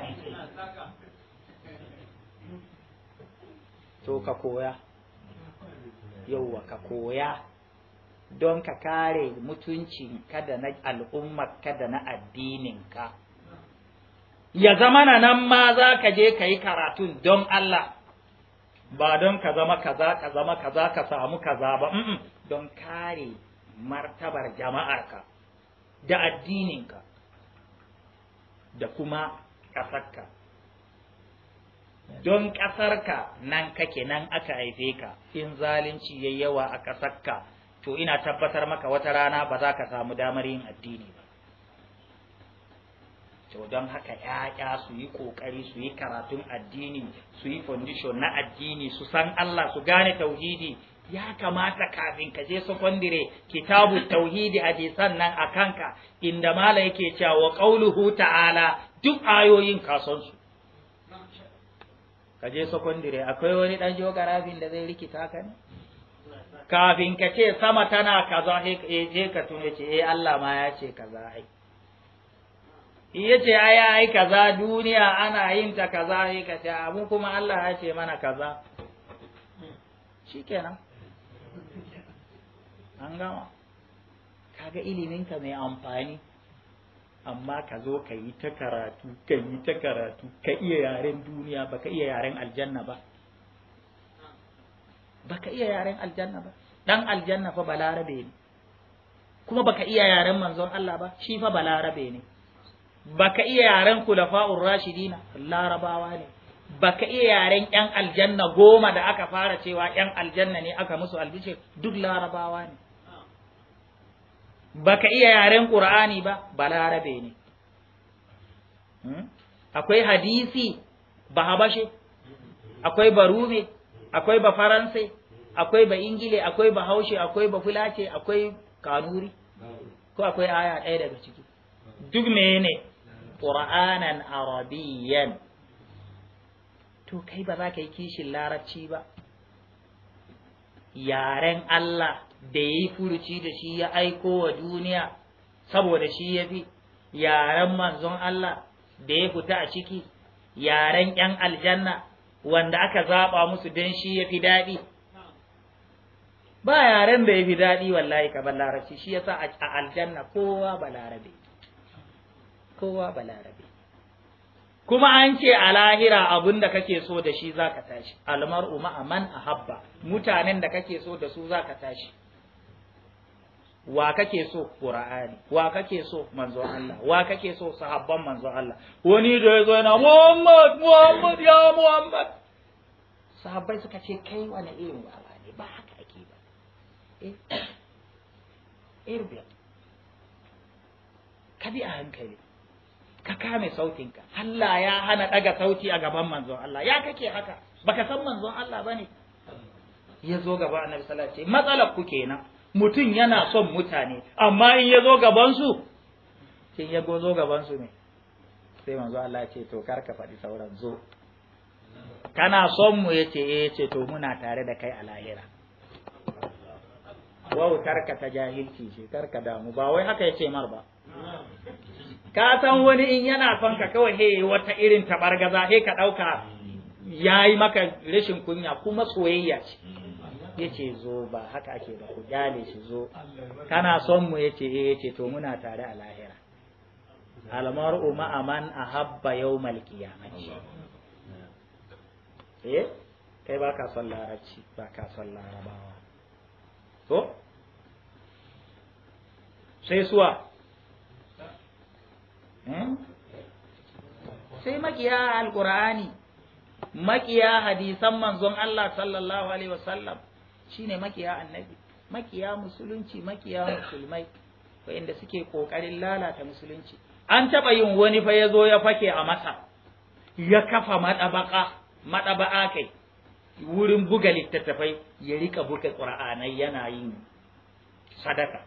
to ka koya yauwa ka koya don ka kare mutuncin kada na al'ummar kada na addininka ya zama na nan ma za ka je ka yi karatun don Allah ba don ka zama kaza ka zama kaza ka samu kaza ba don kare martabar jama'arka da addininka da kuma ƙasarka don ƙasarka nan kake nan aka haife ka in zalunci yayi yawa a ƙasarka to ina tabbatar maka wata rana ba za ka samu damar yin addini ba to don haka ‘ya'ya su yi ƙoƙari su yi karatun addini su yi foundation na addini su san Allah su gane tauhidi ya kamata kafin ka je sakandire kitabu tauhidi hadisan nan a kanka inda mala yake cewa wa qauluhu ta'ala duk ayoyin kason su ka je sakandire akwai wani dan geography da zai rikita ka ne kafin ka ce sama tana kaza je ka tuna ce eh Allah ma ya ce kaza ai ya ce ai ai kaza duniya ana yin ta kaza ai ka ta abu kuma Allah ya ce mana kaza shikenan an gama kaga ka mai amfani amma ka zo ka yi ta karatu ka yi ta karatu ka iya yaren duniya baka iya yaren aljanna ba baka iya yaren aljanna ba dan aljanna fa balarabe ne kuma baka iya yaren manzon Allah ba shi fa balarabe ne baka iya yaren kulafa'ur rashidina larabawa ne baka iya yaren yan aljanna goma da aka fara cewa yan aljanna ne aka musu albishir duk larabawa ne baka iya yaren qur'ani ba balarabe ne hmm? akwai hadisi ba habashe akwai barume akwai ba Faransai? akwai ba ingile akwai ba haushe akwai ba fulace akwai kanuri ko akwai aya ɗaya daga ciki duk menene qur'anan Arabiyan, to kai ba za ka yi kishin larabci ba yaren Allah da ya yi furuci da shi ya aiko wa duniya saboda shi ya fi, yaren manzon Allah da ya fita a ciki yaren ‘yan aljanna wanda aka zaɓa musu don shi ya fi daɗi ba yaren da ya fi daɗi wallahi ka larabci shi yasa a aljanna kowa ba larabe kowa balarabe kuma an ce a lahira abin da kake so da shi za ka tashi umar a man a habba. mutanen da kake so da su za ka tashi wa kake so qur'ani wa kake so manzo Allah wa kake so sahabban manzo Allah wani da zo yana Muhammad Muhammad ya Muhammad sahabbai suka ce kai wani irin wawa ne ba haka ake ba eh Ka bi a hankali ka kame sautinka Allah ya hana daga sauti a gaban manzon Allah ya kake haka baka san manzon Allah bane ya zo gaba annabi sallallahu alaihi wasallam matsalar ku kenan mutum yana son mutane amma in ya zo gaban su sai ya zo gaban su ne sai manzo Allah ya ce to kar ka faɗi sauran zo kana son mu yace eh yace to muna tare da kai a lahira wautarka ta jahilci ce karka damu ba wai haka yace mar ba ka san wani in yana son ka kawai he wata irin tabargaza he ka ɗauka ya yi maka rashin kunya kuma soyayya ce ya ce zo ba haka ake ba ku kyale shi zo kana son mu ya ce eh, ya to muna tare a lahira almar'u ma'a man ahabba yawmal qiyamati eh kai ba ka son larabci ba ka son larabawa to sai suwa Eh? sai makiya alkur'ani makiya hadisan manzon Allah sallallahu alaihi wasallam shine makiya annabi makiya musulunci makiya musulmai inda suke kokarin lalata musulunci an taba yin wani fa yazo ya fake a masa ya kafa madabaka madaba'a kai wurin buga littattafai ya rika buga qur'anai yana yin sadaka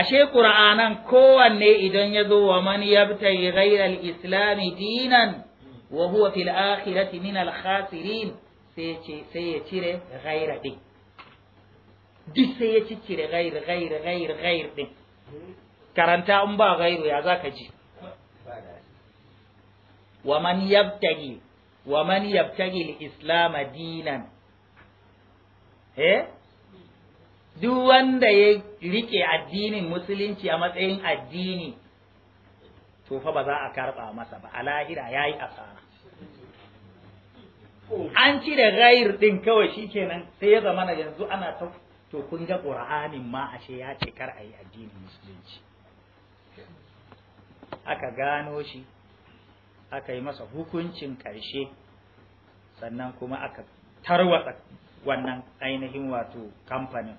ashe qur'anan kowanne idan ya zo wa man yabtaghi ghayra al-islam dinan wa huwa fil akhirati min al-khasirin sai ya cire ghayra din duk sai ya cire ghayr ghayr ghayr ghayr din karanta in ba ghayru ya zaka ji wa man yabtaghi wa man yabtaghi al-islam dinan eh duk wanda ya rike addinin musulunci a matsayin addini to fa ba za a karba masa ba Alahira lahira yayi asara an ci da gair din kawai shikenan sai ya zama yanzu ana ta to kun ga qur'anin ma ashe ya ce kar yi addinin musulunci aka gano shi aka yi masa hukuncin karshe sannan kuma aka tarwatsa wannan ainihin wato kamfanin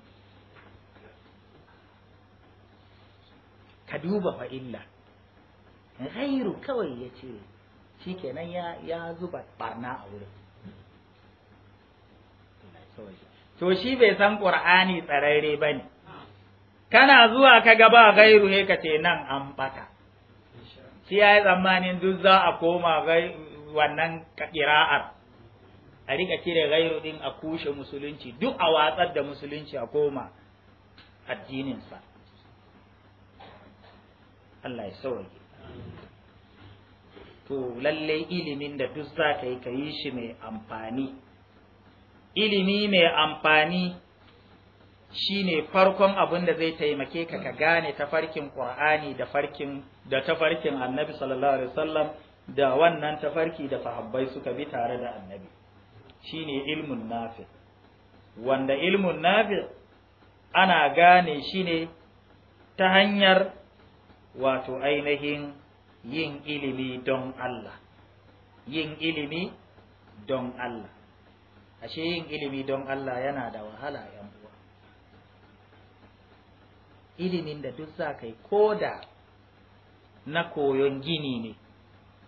ka duba fa illa ghairu kawai ya ce shi kenan ya zuba barna a wurin to shi bai san ƙur'ani tsararre ba ne kana zuwa ka ga ba gairu he ka nan an bata shi ya yi tsammanin duk za a koma wannan ƙira'ar a rika cire gairu ɗin a kushe musulunci duk a watsar da musulunci a koma addininsa Allah ya sauke to lalle ilimin da duk za ka yi ka yi shi mai amfani ilimi mai amfani shine farkon abin da zai taimake ka ka gane tafarkin qur'ani da farkin tafarkin annabi sallallahu alaihi wasallam da wannan tafarki da sahabbai suka bi tare da annabi shine ilmun nafi wanda ilmun nafi ana gane shi ne ta hanyar wato ainihin yin ilimi don Allah yin ilimi don Allah ashe yin ilimi don Allah yana da wahala yan uwa ilimin da duk za kai ko da na koyon gini ne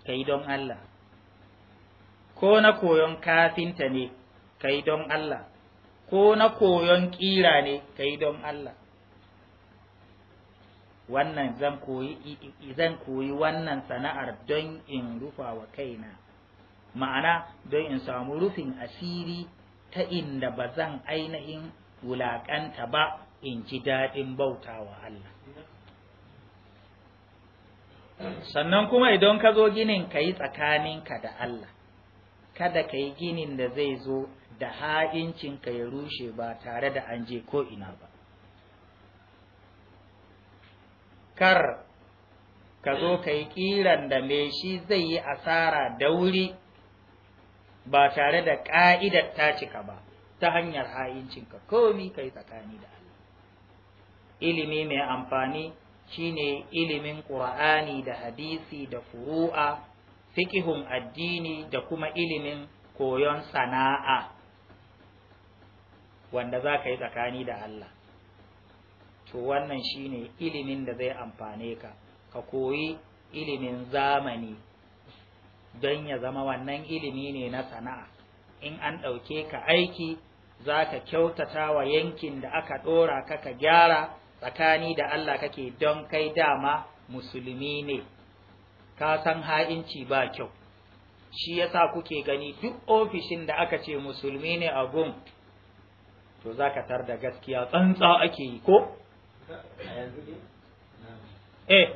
kai don Allah ko na koyon kafinta ne kai don Allah ko na koyon ƙira ne kai don Allah wannan zan koyi zan koyi wannan sana'ar don in rufa wa kaina ma'ana don in samu rufin asiri ta inda ba zan ainihin wulakanta ba in ji daɗin bautawa Allah sannan kuma idan ka zo ginin ka yi tsakaninka da Allah kada ka yi ginin da zai zo da ha'incinka ya rushe ba tare da an je ko ina ba kar ka zo ka yi ƙiran da me shi zai yi asara da wuri ba tare da ƙa'idar ta cika ba ta hanyar ha'incinka komi kai tsakani da Allah ilimi mai amfani shine ilimin ƙur'ani da hadisi da furu'a fikihun addini da kuma ilimin koyon sana'a wanda za ka yi tsakani da Allah to wannan shine ilimin da zai amfane ka ka koyi ilimin zamani don ya zama wannan ilimi ne na sana'a in an ɗauke ka aiki za ka kyautata wa yankin da aka ɗora ka ka gyara tsakani da Allah kake don kai dama musulmi ne ka san ha'inci ba kyau shi yasa kuke gani duk ofishin da aka ce musulmi ne a gun to za ka tar da gaskiya tsantsa ake yi ko eh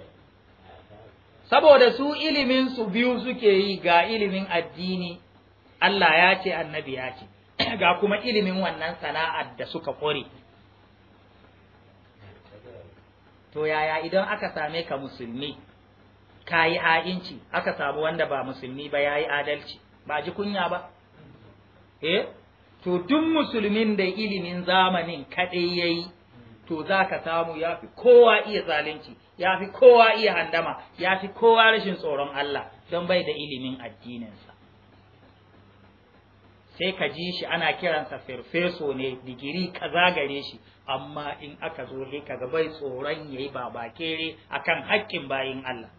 saboda su ilimin su biyu suke yi ga ilimin addini Allah ya ce annabi ya ce ga kuma ilimin wannan sana'ar da suka kore to yaya idan aka same ka musulmi ka yi a'inci aka samu wanda ba musulmi ba ya yi adalci ba ji kunya ba eh to duk musulmin da ilimin zamanin kaɗai ya yi to za ka samu ya fi kowa iya zalunci ya fi kowa iya handama ya fi kowa rashin tsoron Allah don bai da ilimin addininsa sai ka ji shi ana kiransa farfeso ne digiri ka zagare shi amma in aka zo he kaga bai tsoron yayi babakere akan haƙƙin bayin Allah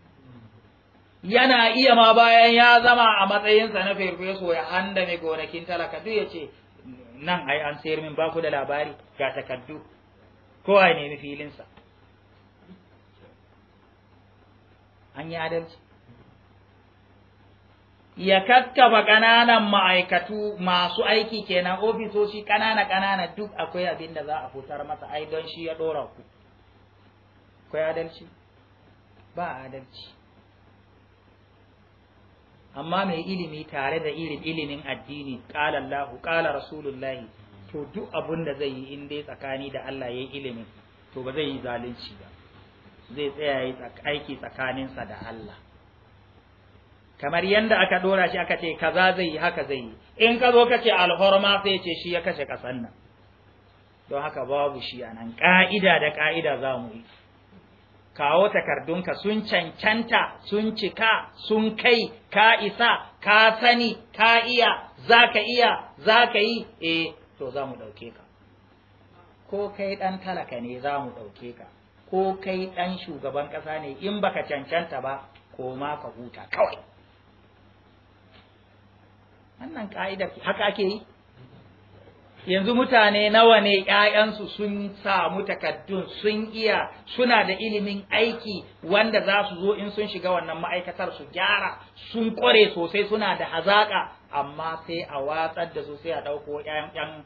yana iya ma bayan ya zama a matsayinsa na farfeso ya handa mai gonakin talaka duk ya ce nan ai an sayar min baku da labari ga takardu. kowa ya nemi filinsa an yi adalci ya kakkaba ƙananan ma'aikatu masu aiki kenan ofisoshi ƙanana-ƙanana duk akwai abin da za a fitar masa ai don shi ya ɗora ku akwai adalci ba adalci amma mai ilimi tare da irin ilimin addini ƙala Allahu, ƙala rasulullahi to duk abin da zai yi in dai tsakani da Allah ya yi ilimin to ba zai yi zalunci ba zai tsaya yi aiki tsakaninsa da Allah kamar yadda aka dora shi aka ce kaza zai yi haka zai yi in ka zo ka ce alhorma sai ce shi ya kashe kasan nan don haka babu shi a nan ƙa'ida da ƙa'ida za mu yi kawo takardunka sun cancanta sun cika sun kai ka isa ka sani ka iya za ka iya za ka yi eh to za mu ɗauke ka ko kai ɗan talaka ne za mu ɗauke ka ko kai ɗan shugaban ƙasa ne in baka cancanta ba ko ma ka huta kawai wannan ka'idar haka ake yi yanzu mutane nawa ne ‘ya'yansu sun samu takaddun sun iya suna da ilimin aiki wanda za su zo in sun shiga wannan ma'aikatar su gyara sun ƙware sosai suna da hazaƙa amma sai a watsar da su sai a ɗauko ‘yan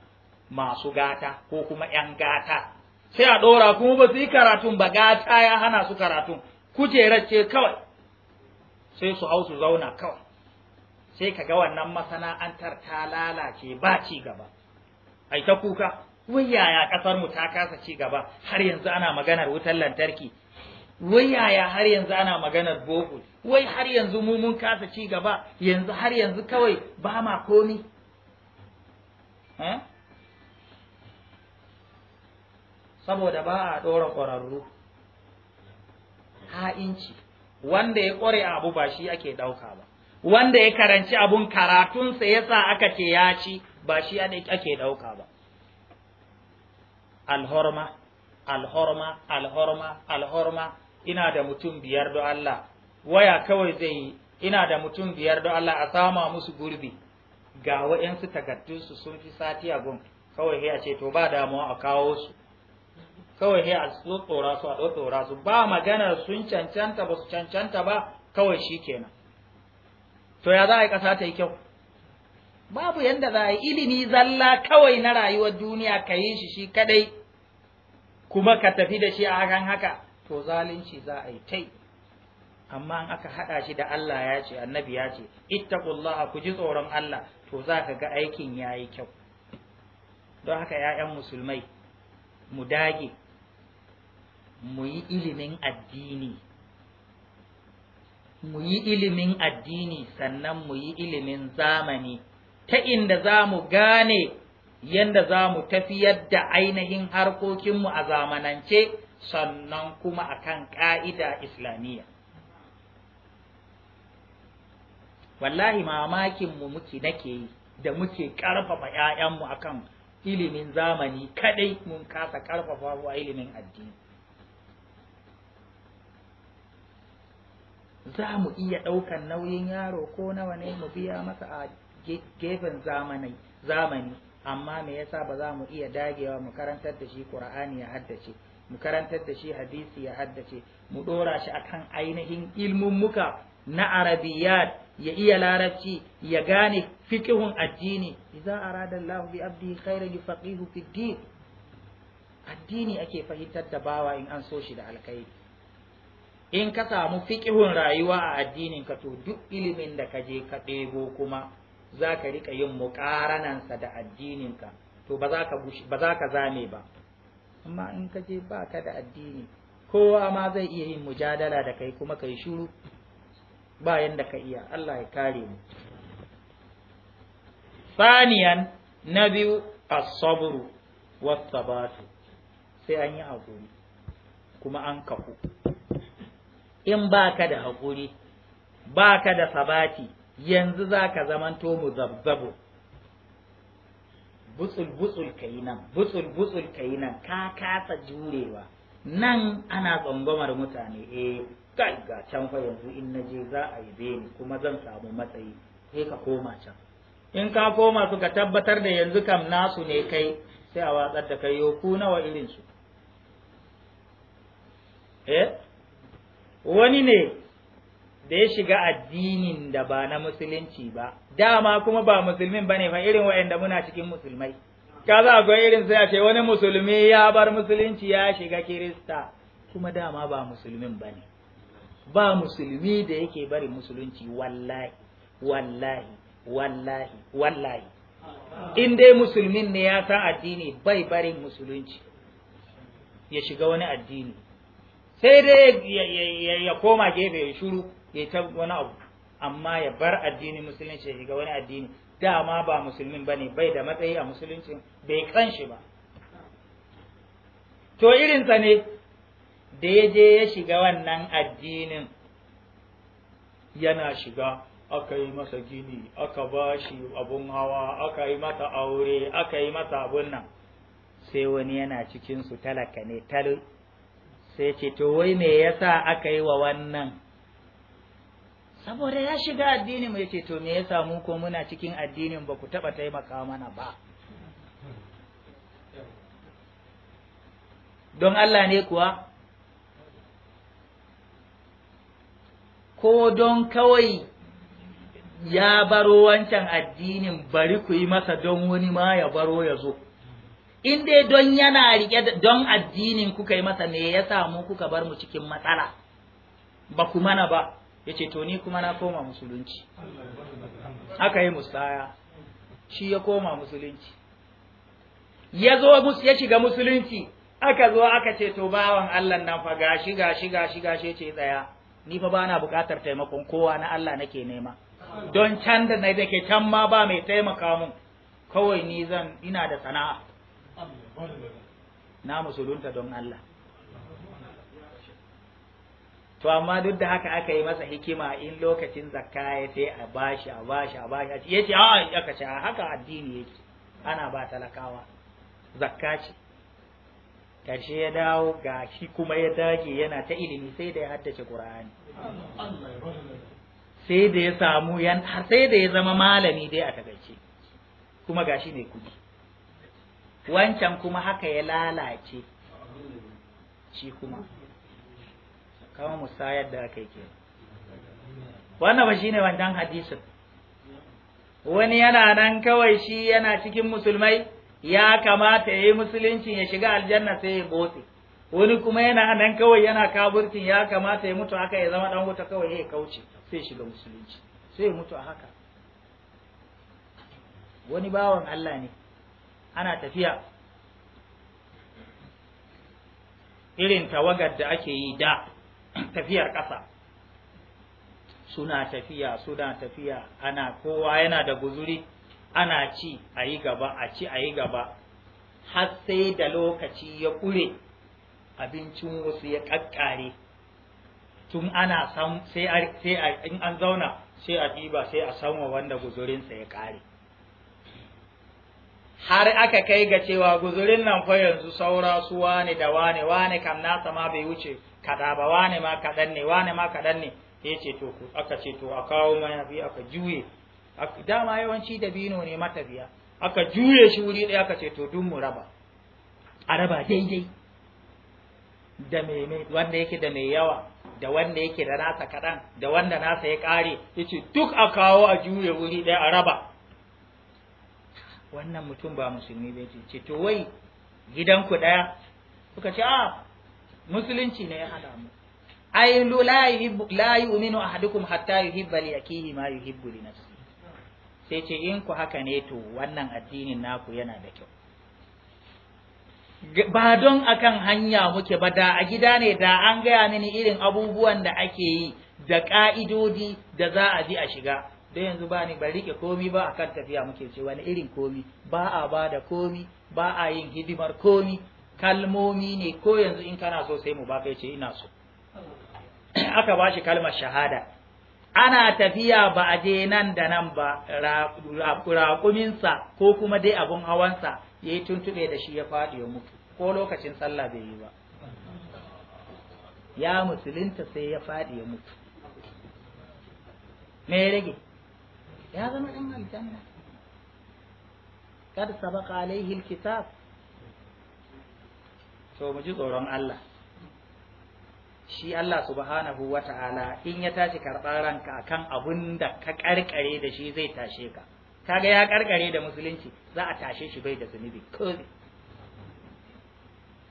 masu gata ko kuma ‘yan gata sai a ɗora kuma ba su yi karatun ba gata ya hana su karatun kujerar ce kawai sai su hau su zauna kawai sai ka ga wannan masana'antar ta lalace ba ci gaba ai ta kuka wai yaya ƙasarmu ta kasa ci gaba har yanzu ana maganar wutar lantarki wai yaya har yanzu ana maganar boko wai har yanzu mu mun kasa ci gaba yanzu har yanzu kawai ba ma komi eh? saboda ba a ɗora ƙwararru ha'inci wanda ya ƙware abu ba shi ake ɗauka ba wanda ya karanci abun karatunsa ya sa aka ce ya ci ba shi ake ɗauka ba alhorma alhorma alhorma alhorma ina da mutum biyar do Allah waya kawai zai yi ina da mutum biyar do Allah a sama musu gurbi ga wa'yansu takardunsu sun fi sati a gun kawai sai a ce to ba damuwa a kawo su kawai sai a tsora su a tsora su ba maganar sun cancanta ba su cancanta ba kawai shi kenan to ya za a yi ƙasa ta yi kyau babu yanda za a yi ilimi zalla kawai na rayuwar duniya ka yi shi shi kadai kuma ka tafi da shi a hakan haka to zalunci za a yi tai amma an aka haɗa shi da Allah ya ce annabi ya ce ittaqullaha ku ji tsoron Allah to za ka ga aikin ya yi kyau don haka 'ya'yan musulmai mu dage mu yi ilimin addini mu yi ilimin addini sannan mu yi ilimin zamani ta inda za mu gane yadda za mu tafiyar da ainihin harkokinmu a zamanance sannan kuma akan ƙa'ida islamiyya wallahi mamakin mu muke nake yi da muke ƙarfafa ‘ya'yanmu akan ilimin zamani kadai mun kasa ƙarfafa wa ilimin addini za mu iya ɗaukan nauyin yaro ko nawa ne mu biya masa a gefen zamani zamani amma me yasa ba za mu iya dagewa mu karantar da shi Qur'ani ya haddace mu karantar da shi hadisi ya haddace mu ɗora shi akan ainihin muka na arabiyat ya iya larabci ya gane fiqhun addini idza arada Allahu bi abdihi khairan yufaqihu fi din addini ake fahimtar da bawa in an so shi da alkhairi in ka samu fiqhun rayuwa a addinin ka to duk ilimin da ka je ka ɗebo kuma za ka riƙa yin muƙaranansa da addinin ka to ba za ka zame ba amma in ka je ba ka da addini kowa ma zai iya yin mujadala da kai kuma kai shuru Ba da ka iya Allah ya kare mu saniyan na biyu as-sabru sai an yi hakuri kuma an kafu in ba ka da hakuri ka da sabati yanzu zaka zamanto mu zabzabu butsul butsul yi nan butsul butsul yi nan ka kasa jurewa nan ana tsangwamar mutane eh kai ga can fa yanzu in na je za a yi ni kuma zan samu matsayi sai ka koma can in ka koma suka tabbatar da yanzu kam nasu ne kai sai a watsar da kai ku nawa irin su eh wani ne da ya shiga addinin da ba na musulunci ba dama kuma ba musulmin bane fa irin waɗanda muna cikin musulmai ka za ga irin sai a ce wani musulmi ya bar musulunci ya shiga kirista kuma dama ba musulmin bane ba musulmi da yake bari musulunci wallahi wallahi wallahi wallahi in dai musulmin ne ya san addini bai barin musulunci ya shiga wani addini sai dai ya koma gefe ya shuru ya ta wani abu amma ya bar addinin musulunci ya shiga wani addini dama ba musulmin bane bai da matsayi a musulunci bai kan shi ba to irinsa ne da ya je ya shiga wannan addinin yana shiga aka yi masa gini aka ba shi abun hawa aka yi mata aure aka yi mata abun nan sai wani yana cikinsu talaka ne tal sai ce to wai me yasa aka yi wa wannan saboda ya shiga addini mu yace to me ya samu ko muna cikin addinin ba ku taba taimaka mana ba don Allah ne kuwa ko don kawai ya baro wancan addinin bari ku yi masa don wani ma ya baro ya zo in dai don yana rike don addinin kuka yi masa me ya mu kuka bar mu cikin matsala ba ku mana ba yace to ni kuma na koma musulunci aka yi musaya shi ya koma musulunci ya zo ya shiga musulunci aka zo aka ce to bawan Allah nan fa gashi gashi gashi gashi ce tsaya ni fa ba na buƙatar taimakon kowa na Allah nake nema don can da nake can ma ba mai taimaka mun kawai ni zan ina da sana'a na musulunta don Allah to amma duk da haka aka yi masa hikima in lokacin zakka ya sai a bashi a bashi a bashi ya ce a aka ce haka addini yake ana ba talakawa zakka ce karshe ya dawo ga shi kuma ya dage yana ta ilimi sai da ya haddace qur'ani sai da ya samu har sai da ya zama malami dai a takaice kuma gashi ne kudi wancan kuma haka ya lalace shi kuma kama musayar da aka yi ke wannan ba shine wannan hadisin wani yana nan kawai shi yana cikin musulmai ya kamata ya yi musulunci ya shiga aljanna sai ya botse wani kuma yana nan kawai yana kaburkin ya kamata ya mutu haka ya zama dan wuta kawai ya kauce sai shiga musulunci sai ya mutu a haka wani bawan Allah ne ana tafiya irin tawagar da ake yi da tafiyar ƙasa suna tafiya suna tafiya ana kowa yana da guzuri ana ci a yi gaba a ci a yi gaba har sai da lokaci ya ƙure abincin wasu ya ƙaƙƙare tun ana sai in an zauna sai a ɗiba sai a sanwa wanda guzurinsa ya ƙare har aka kai ga cewa guzurin nan fa yanzu saura su wane da wane wane kam nasa ma bai wuce kada ba wane ma kaɗan ne wane ma kaɗan ne ya ce to aka ce to a kawo mayafi aka juye dama yawanci dabino ne matafiya aka juye shi wuri ɗaya aka ce to dun mu raba a raba daidai da mai wanda yake da mai yawa da wanda yake da nasa kaɗan da wanda nasa ya ƙare ya ce duk a kawo a juye wuri ɗaya a raba wannan mutum ba musulmi bai ce ce to wai gidanku ɗaya suka ce a ah, musulunci ne ya hada mu ai la yuhibbu la yu'minu ahadukum hatta yuhibba li akihi ma yuhibbu li nafsihi sai ce in ku haka ne to wannan addinin naku yana da kyau ba don akan hanya muke ba da a gida ne da an gaya mini irin abubuwan da ake yi da ƙa'idodi da za a bi a shiga dai yanzu ba ni ban rike komi ba akan tafiya muke ce wani irin komi ba a ba da komi ba a yin hidimar komi kalmomi ne ko yanzu in kana so sai mu ba kai ce ina so aka ba shi kalmar shahada ana tafiya ba a je nan da nan ba raƙuminsa ko kuma dai abun hawansa ya yi tuntuɓe da shi ya faɗi ya mutu ko lokacin sallah bai yi ba ya musulunta sai ya faɗi ya mutu me ya rage ya zama ɗan aljanna kada sabaka alaihi alkitab to mu ji tsoron Allah shi Allah subhanahu wa ta'ala in ya tashi karɓar ranka akan abun da ka karkare da shi zai tashe ka kaga ya karkare da musulunci za a tashe shi bai da zunubi kome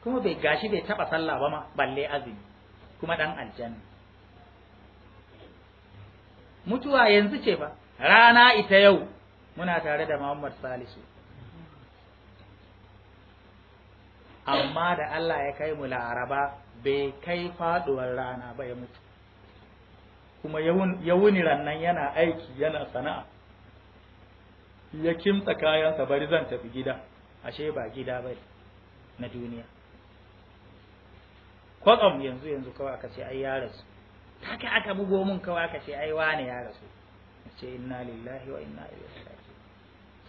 kuma bai gashi bai taɓa sallah ba ma balle azumi kuma ɗan aljanna mutuwa yanzu ce ba rana ita yau muna tare da Muhammad Salisu amma da Allah ya kai mu laraba bai kai faduwar rana ba ya mutu kuma ya wuni rannan yana aiki yana sana'a ya kimtsa kayansa bari zan tafi gida ashe ba gida bai na duniya kwatsam yanzu yanzu kawai aka ce ai ya rasu take aka bugo mun kawai aka ce ai wane ya rasu ce inna lillahi wa inna ilaihi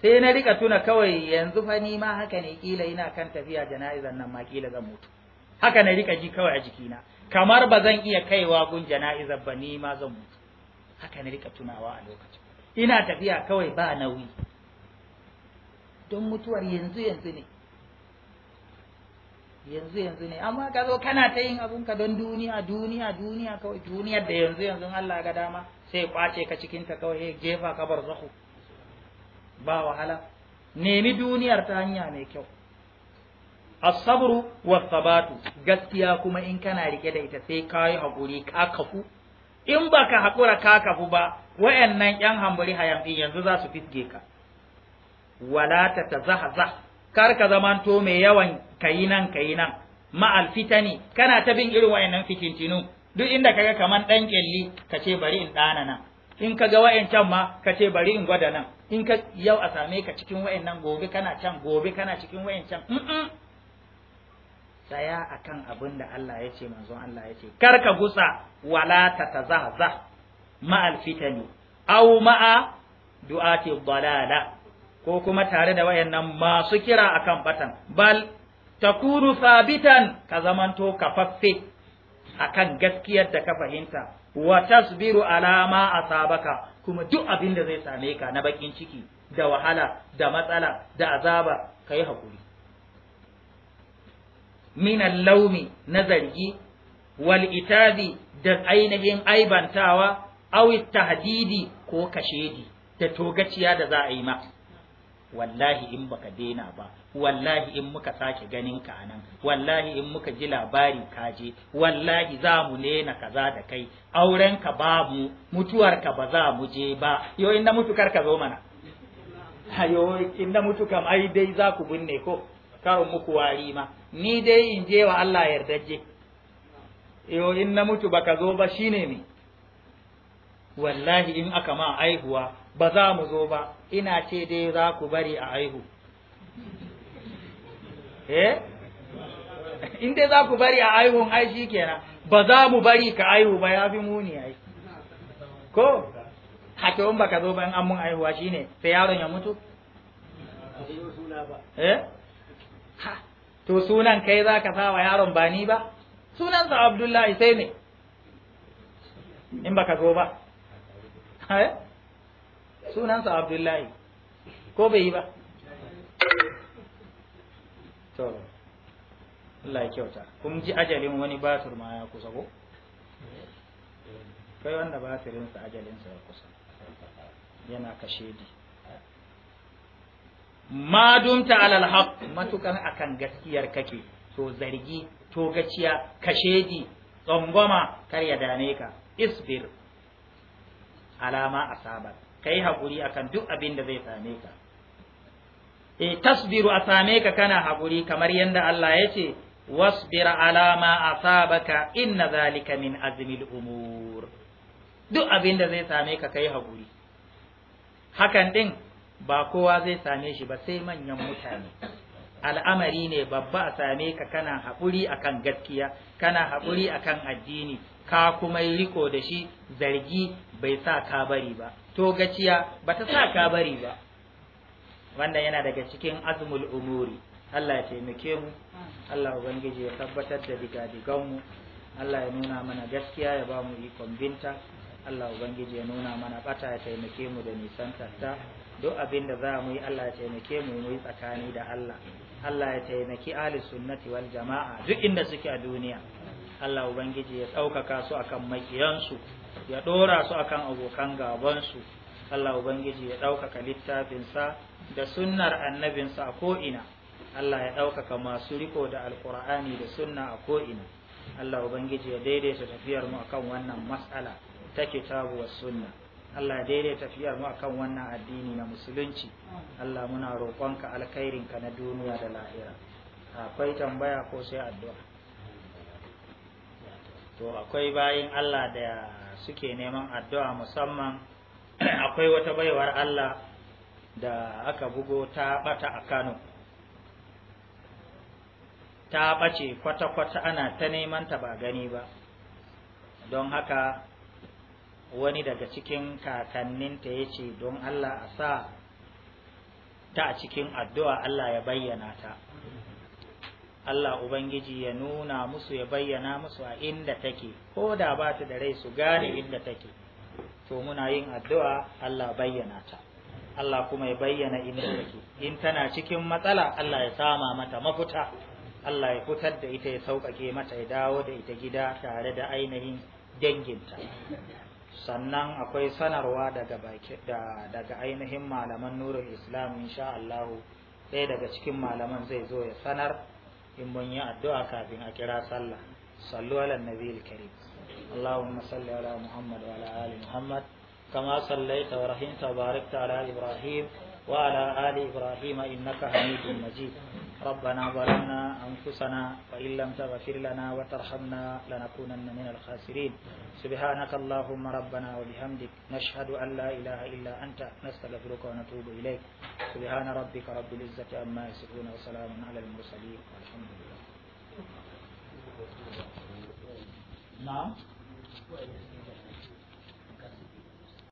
sai na rika tuna kawai yanzu fa ni ma haka ne kila ina kan tafiya jana'izan nan ma kila zan mutu haka na rika ji kawai a jikina kamar ba zan iya kaiwa gun jana'izar ba ni ma zan mutu haka na rika tunawa a lokacin ina tafiya kawai ba nauyi don mutuwar yanzu yanzu ne yanzu yanzu ne amma ka zo kana ta yin abunka don duniya duniya duniya kawai duniyar da yanzu yanzu Allah ga dama sai kwace ka cikin ta kawai gefa ka barzahu ba wahala nemi duniyar ta hanya mai kyau as-sabru was-sabatu gaskiya kuma in kana rike da ita sai kai hakuri ka kafu in baka hakura ka kafu ba wayannan yan hamburi hayambi yanzu za su fisge ka wala tazahza kar ka to mai yawan kayi nan kayi nan ma'al fitani kana ta bin irin wayannan fitintinu duk inda kaga kaman ɗan ƙyalli ka ce bari in ɗana nan in kaga ga ma ka ce bari in gwada nan in ka yau a same ka cikin nan, gobe kana can gobe kana cikin wa'yancan tsaya akan abin da Allah ya ce manzon Allah ya ce kar ka gusa wala ta tazahza ma'al fitani aw ma'a du'ati dalala ko kuma tare da wa'yannan masu kira akan batan bal takunu sabitan ka zamanto kafaffe akan gaskiyar da ka fahimta wa tasbiru alama sabaka kuma duk abin da zai same ka na bakin ciki da wahala da matsala da azaba kai hakuri min laumi na zargi wal itabi da ainihin aibantawa awi tahdidi ko kashedi da togaciya da za a yi ma wallahi in baka daina ba wallahi in muka sake ganin ka anan wallahi in muka ji labari ka je wallahi za mu nena kaza da kai auren ka babu mutuwar ka ba za mu je ba yo in na mutu ka zo mana yo in na mutu kam ai dai za ku binne ko karon muku wari ma ni dai in je wa Allah yardaje yo in na mutu baka zo ba shine me wallahi in aka ma aihuwa ba za mu zo ba ina ce dai za ku bari a aihu eh in dai za ku bari a aihun ai shi kenan ba za mu bari ka aihu ba ya fi muni ai ko hake in baka zo ba in an mun aihuwa ne, sai yaron ya mutu eh ha to sunan kai za ka sawa yaron ba ni ba sunansa abdullahi sai ne in baka zo ba eh sunansa abdullahi ko bai yi ba to Allah ya kyauta kun ji ajalin wani batir ma ya kusa ko kai wanda batirinsa ajalinsa ya kusa yana di ma dumta alal haq matukan akan gaskiyar kake to zargi to gaciya di tsangwama kar ya dane ka isbir alama asabar ka yi haƙuri akan duk abin da zai same ka e tasbiru a same ka kana haƙuri kamar yadda Allah ya ce wasbir alama a asabaka inna zalika min azmil umur duk abin da zai same ka kai haƙuri hakan din ba kowa zai same shi ba sai manyan mutane al'amari ne babba a same ka kana haƙuri akan gaskiya kana haƙuri akan addini ka kuma yi riko da shi zargi bai sa ka bari ba gaciya ba ta sa ka bari ba wannan yana daga cikin azmul umuri Allah ya taimake mu Allah ubangiji ya tabbatar da digadigan mu Allah ya nuna mana gaskiya ya ba mu ikon binta Allah ubangiji ya nuna mana bata ya taimake mu da nisan ta duk abin da za mu yi Allah ya taimake mu mu yi tsakani da Allah Allah ya taimaki ahli sunnati wal jama'a duk inda suke a duniya Allah ubangiji ya ɗaukaka su akan makiyansu ya ɗora su akan abokan gabansu Allah Ubangiji ya ɗaukaka littafinsa da sunnar annabinsa a ko'ina Allah ya ɗaukaka masu riko da alkur'ani da sunna a ko'ina Allah Ubangiji ya daidaita tafiyar mu akan wannan mas'ala ta kitabu wa sunna Allah ya daidaita tafiyar mu akan wannan addini na musulunci Allah muna roƙonka alkhairinka na duniya da lahira akwai tambaya ko sai addu'a to akwai bayin Allah da suke neman addu'a musamman akwai wata baiwar Allah da aka bugo ta bata a Kano ta ɓace kwata-kwata ana ta neman ta ba gani ba don haka wani daga cikin kakanninta ya ce don Allah a sa ta a cikin addu'a Allah ya bayyana ta Allah Ubangiji ya nuna musu ya bayyana musu a inda take ko da ba ta da rai su gane inda take to muna yin addu'a Allah bayyana ta Allah kuma ya bayyana inda take in tana cikin matsala Allah ya sama mata mafuta Allah ya fitar da ita ya sauƙaƙe mata ya dawo da ita gida tare da ainihin danginta sannan akwai sanarwa daga daga ainihin malaman nurul islam insha Allah ɗaya daga cikin malaman zai zo ya sanar in mun yi addu'a kafin a kira sallah sallu ala nabiyil karim allahumma salli ala muhammad wa ala ali muhammad kama sallaita wa rahimta barakta ala ibrahim wa ala ali ibrahim innaka hamidun majid ربنا ظلمنا أنفسنا وإن لم تغفر لنا وترحمنا لنكونن من الخاسرين سبحانك اللهم ربنا وبحمدك نشهد أن لا إله إلا أنت نستغفرك ونتوب إليك سبحان ربك رب العزة عما يصفون وسلام على المرسلين والحمد لله نعم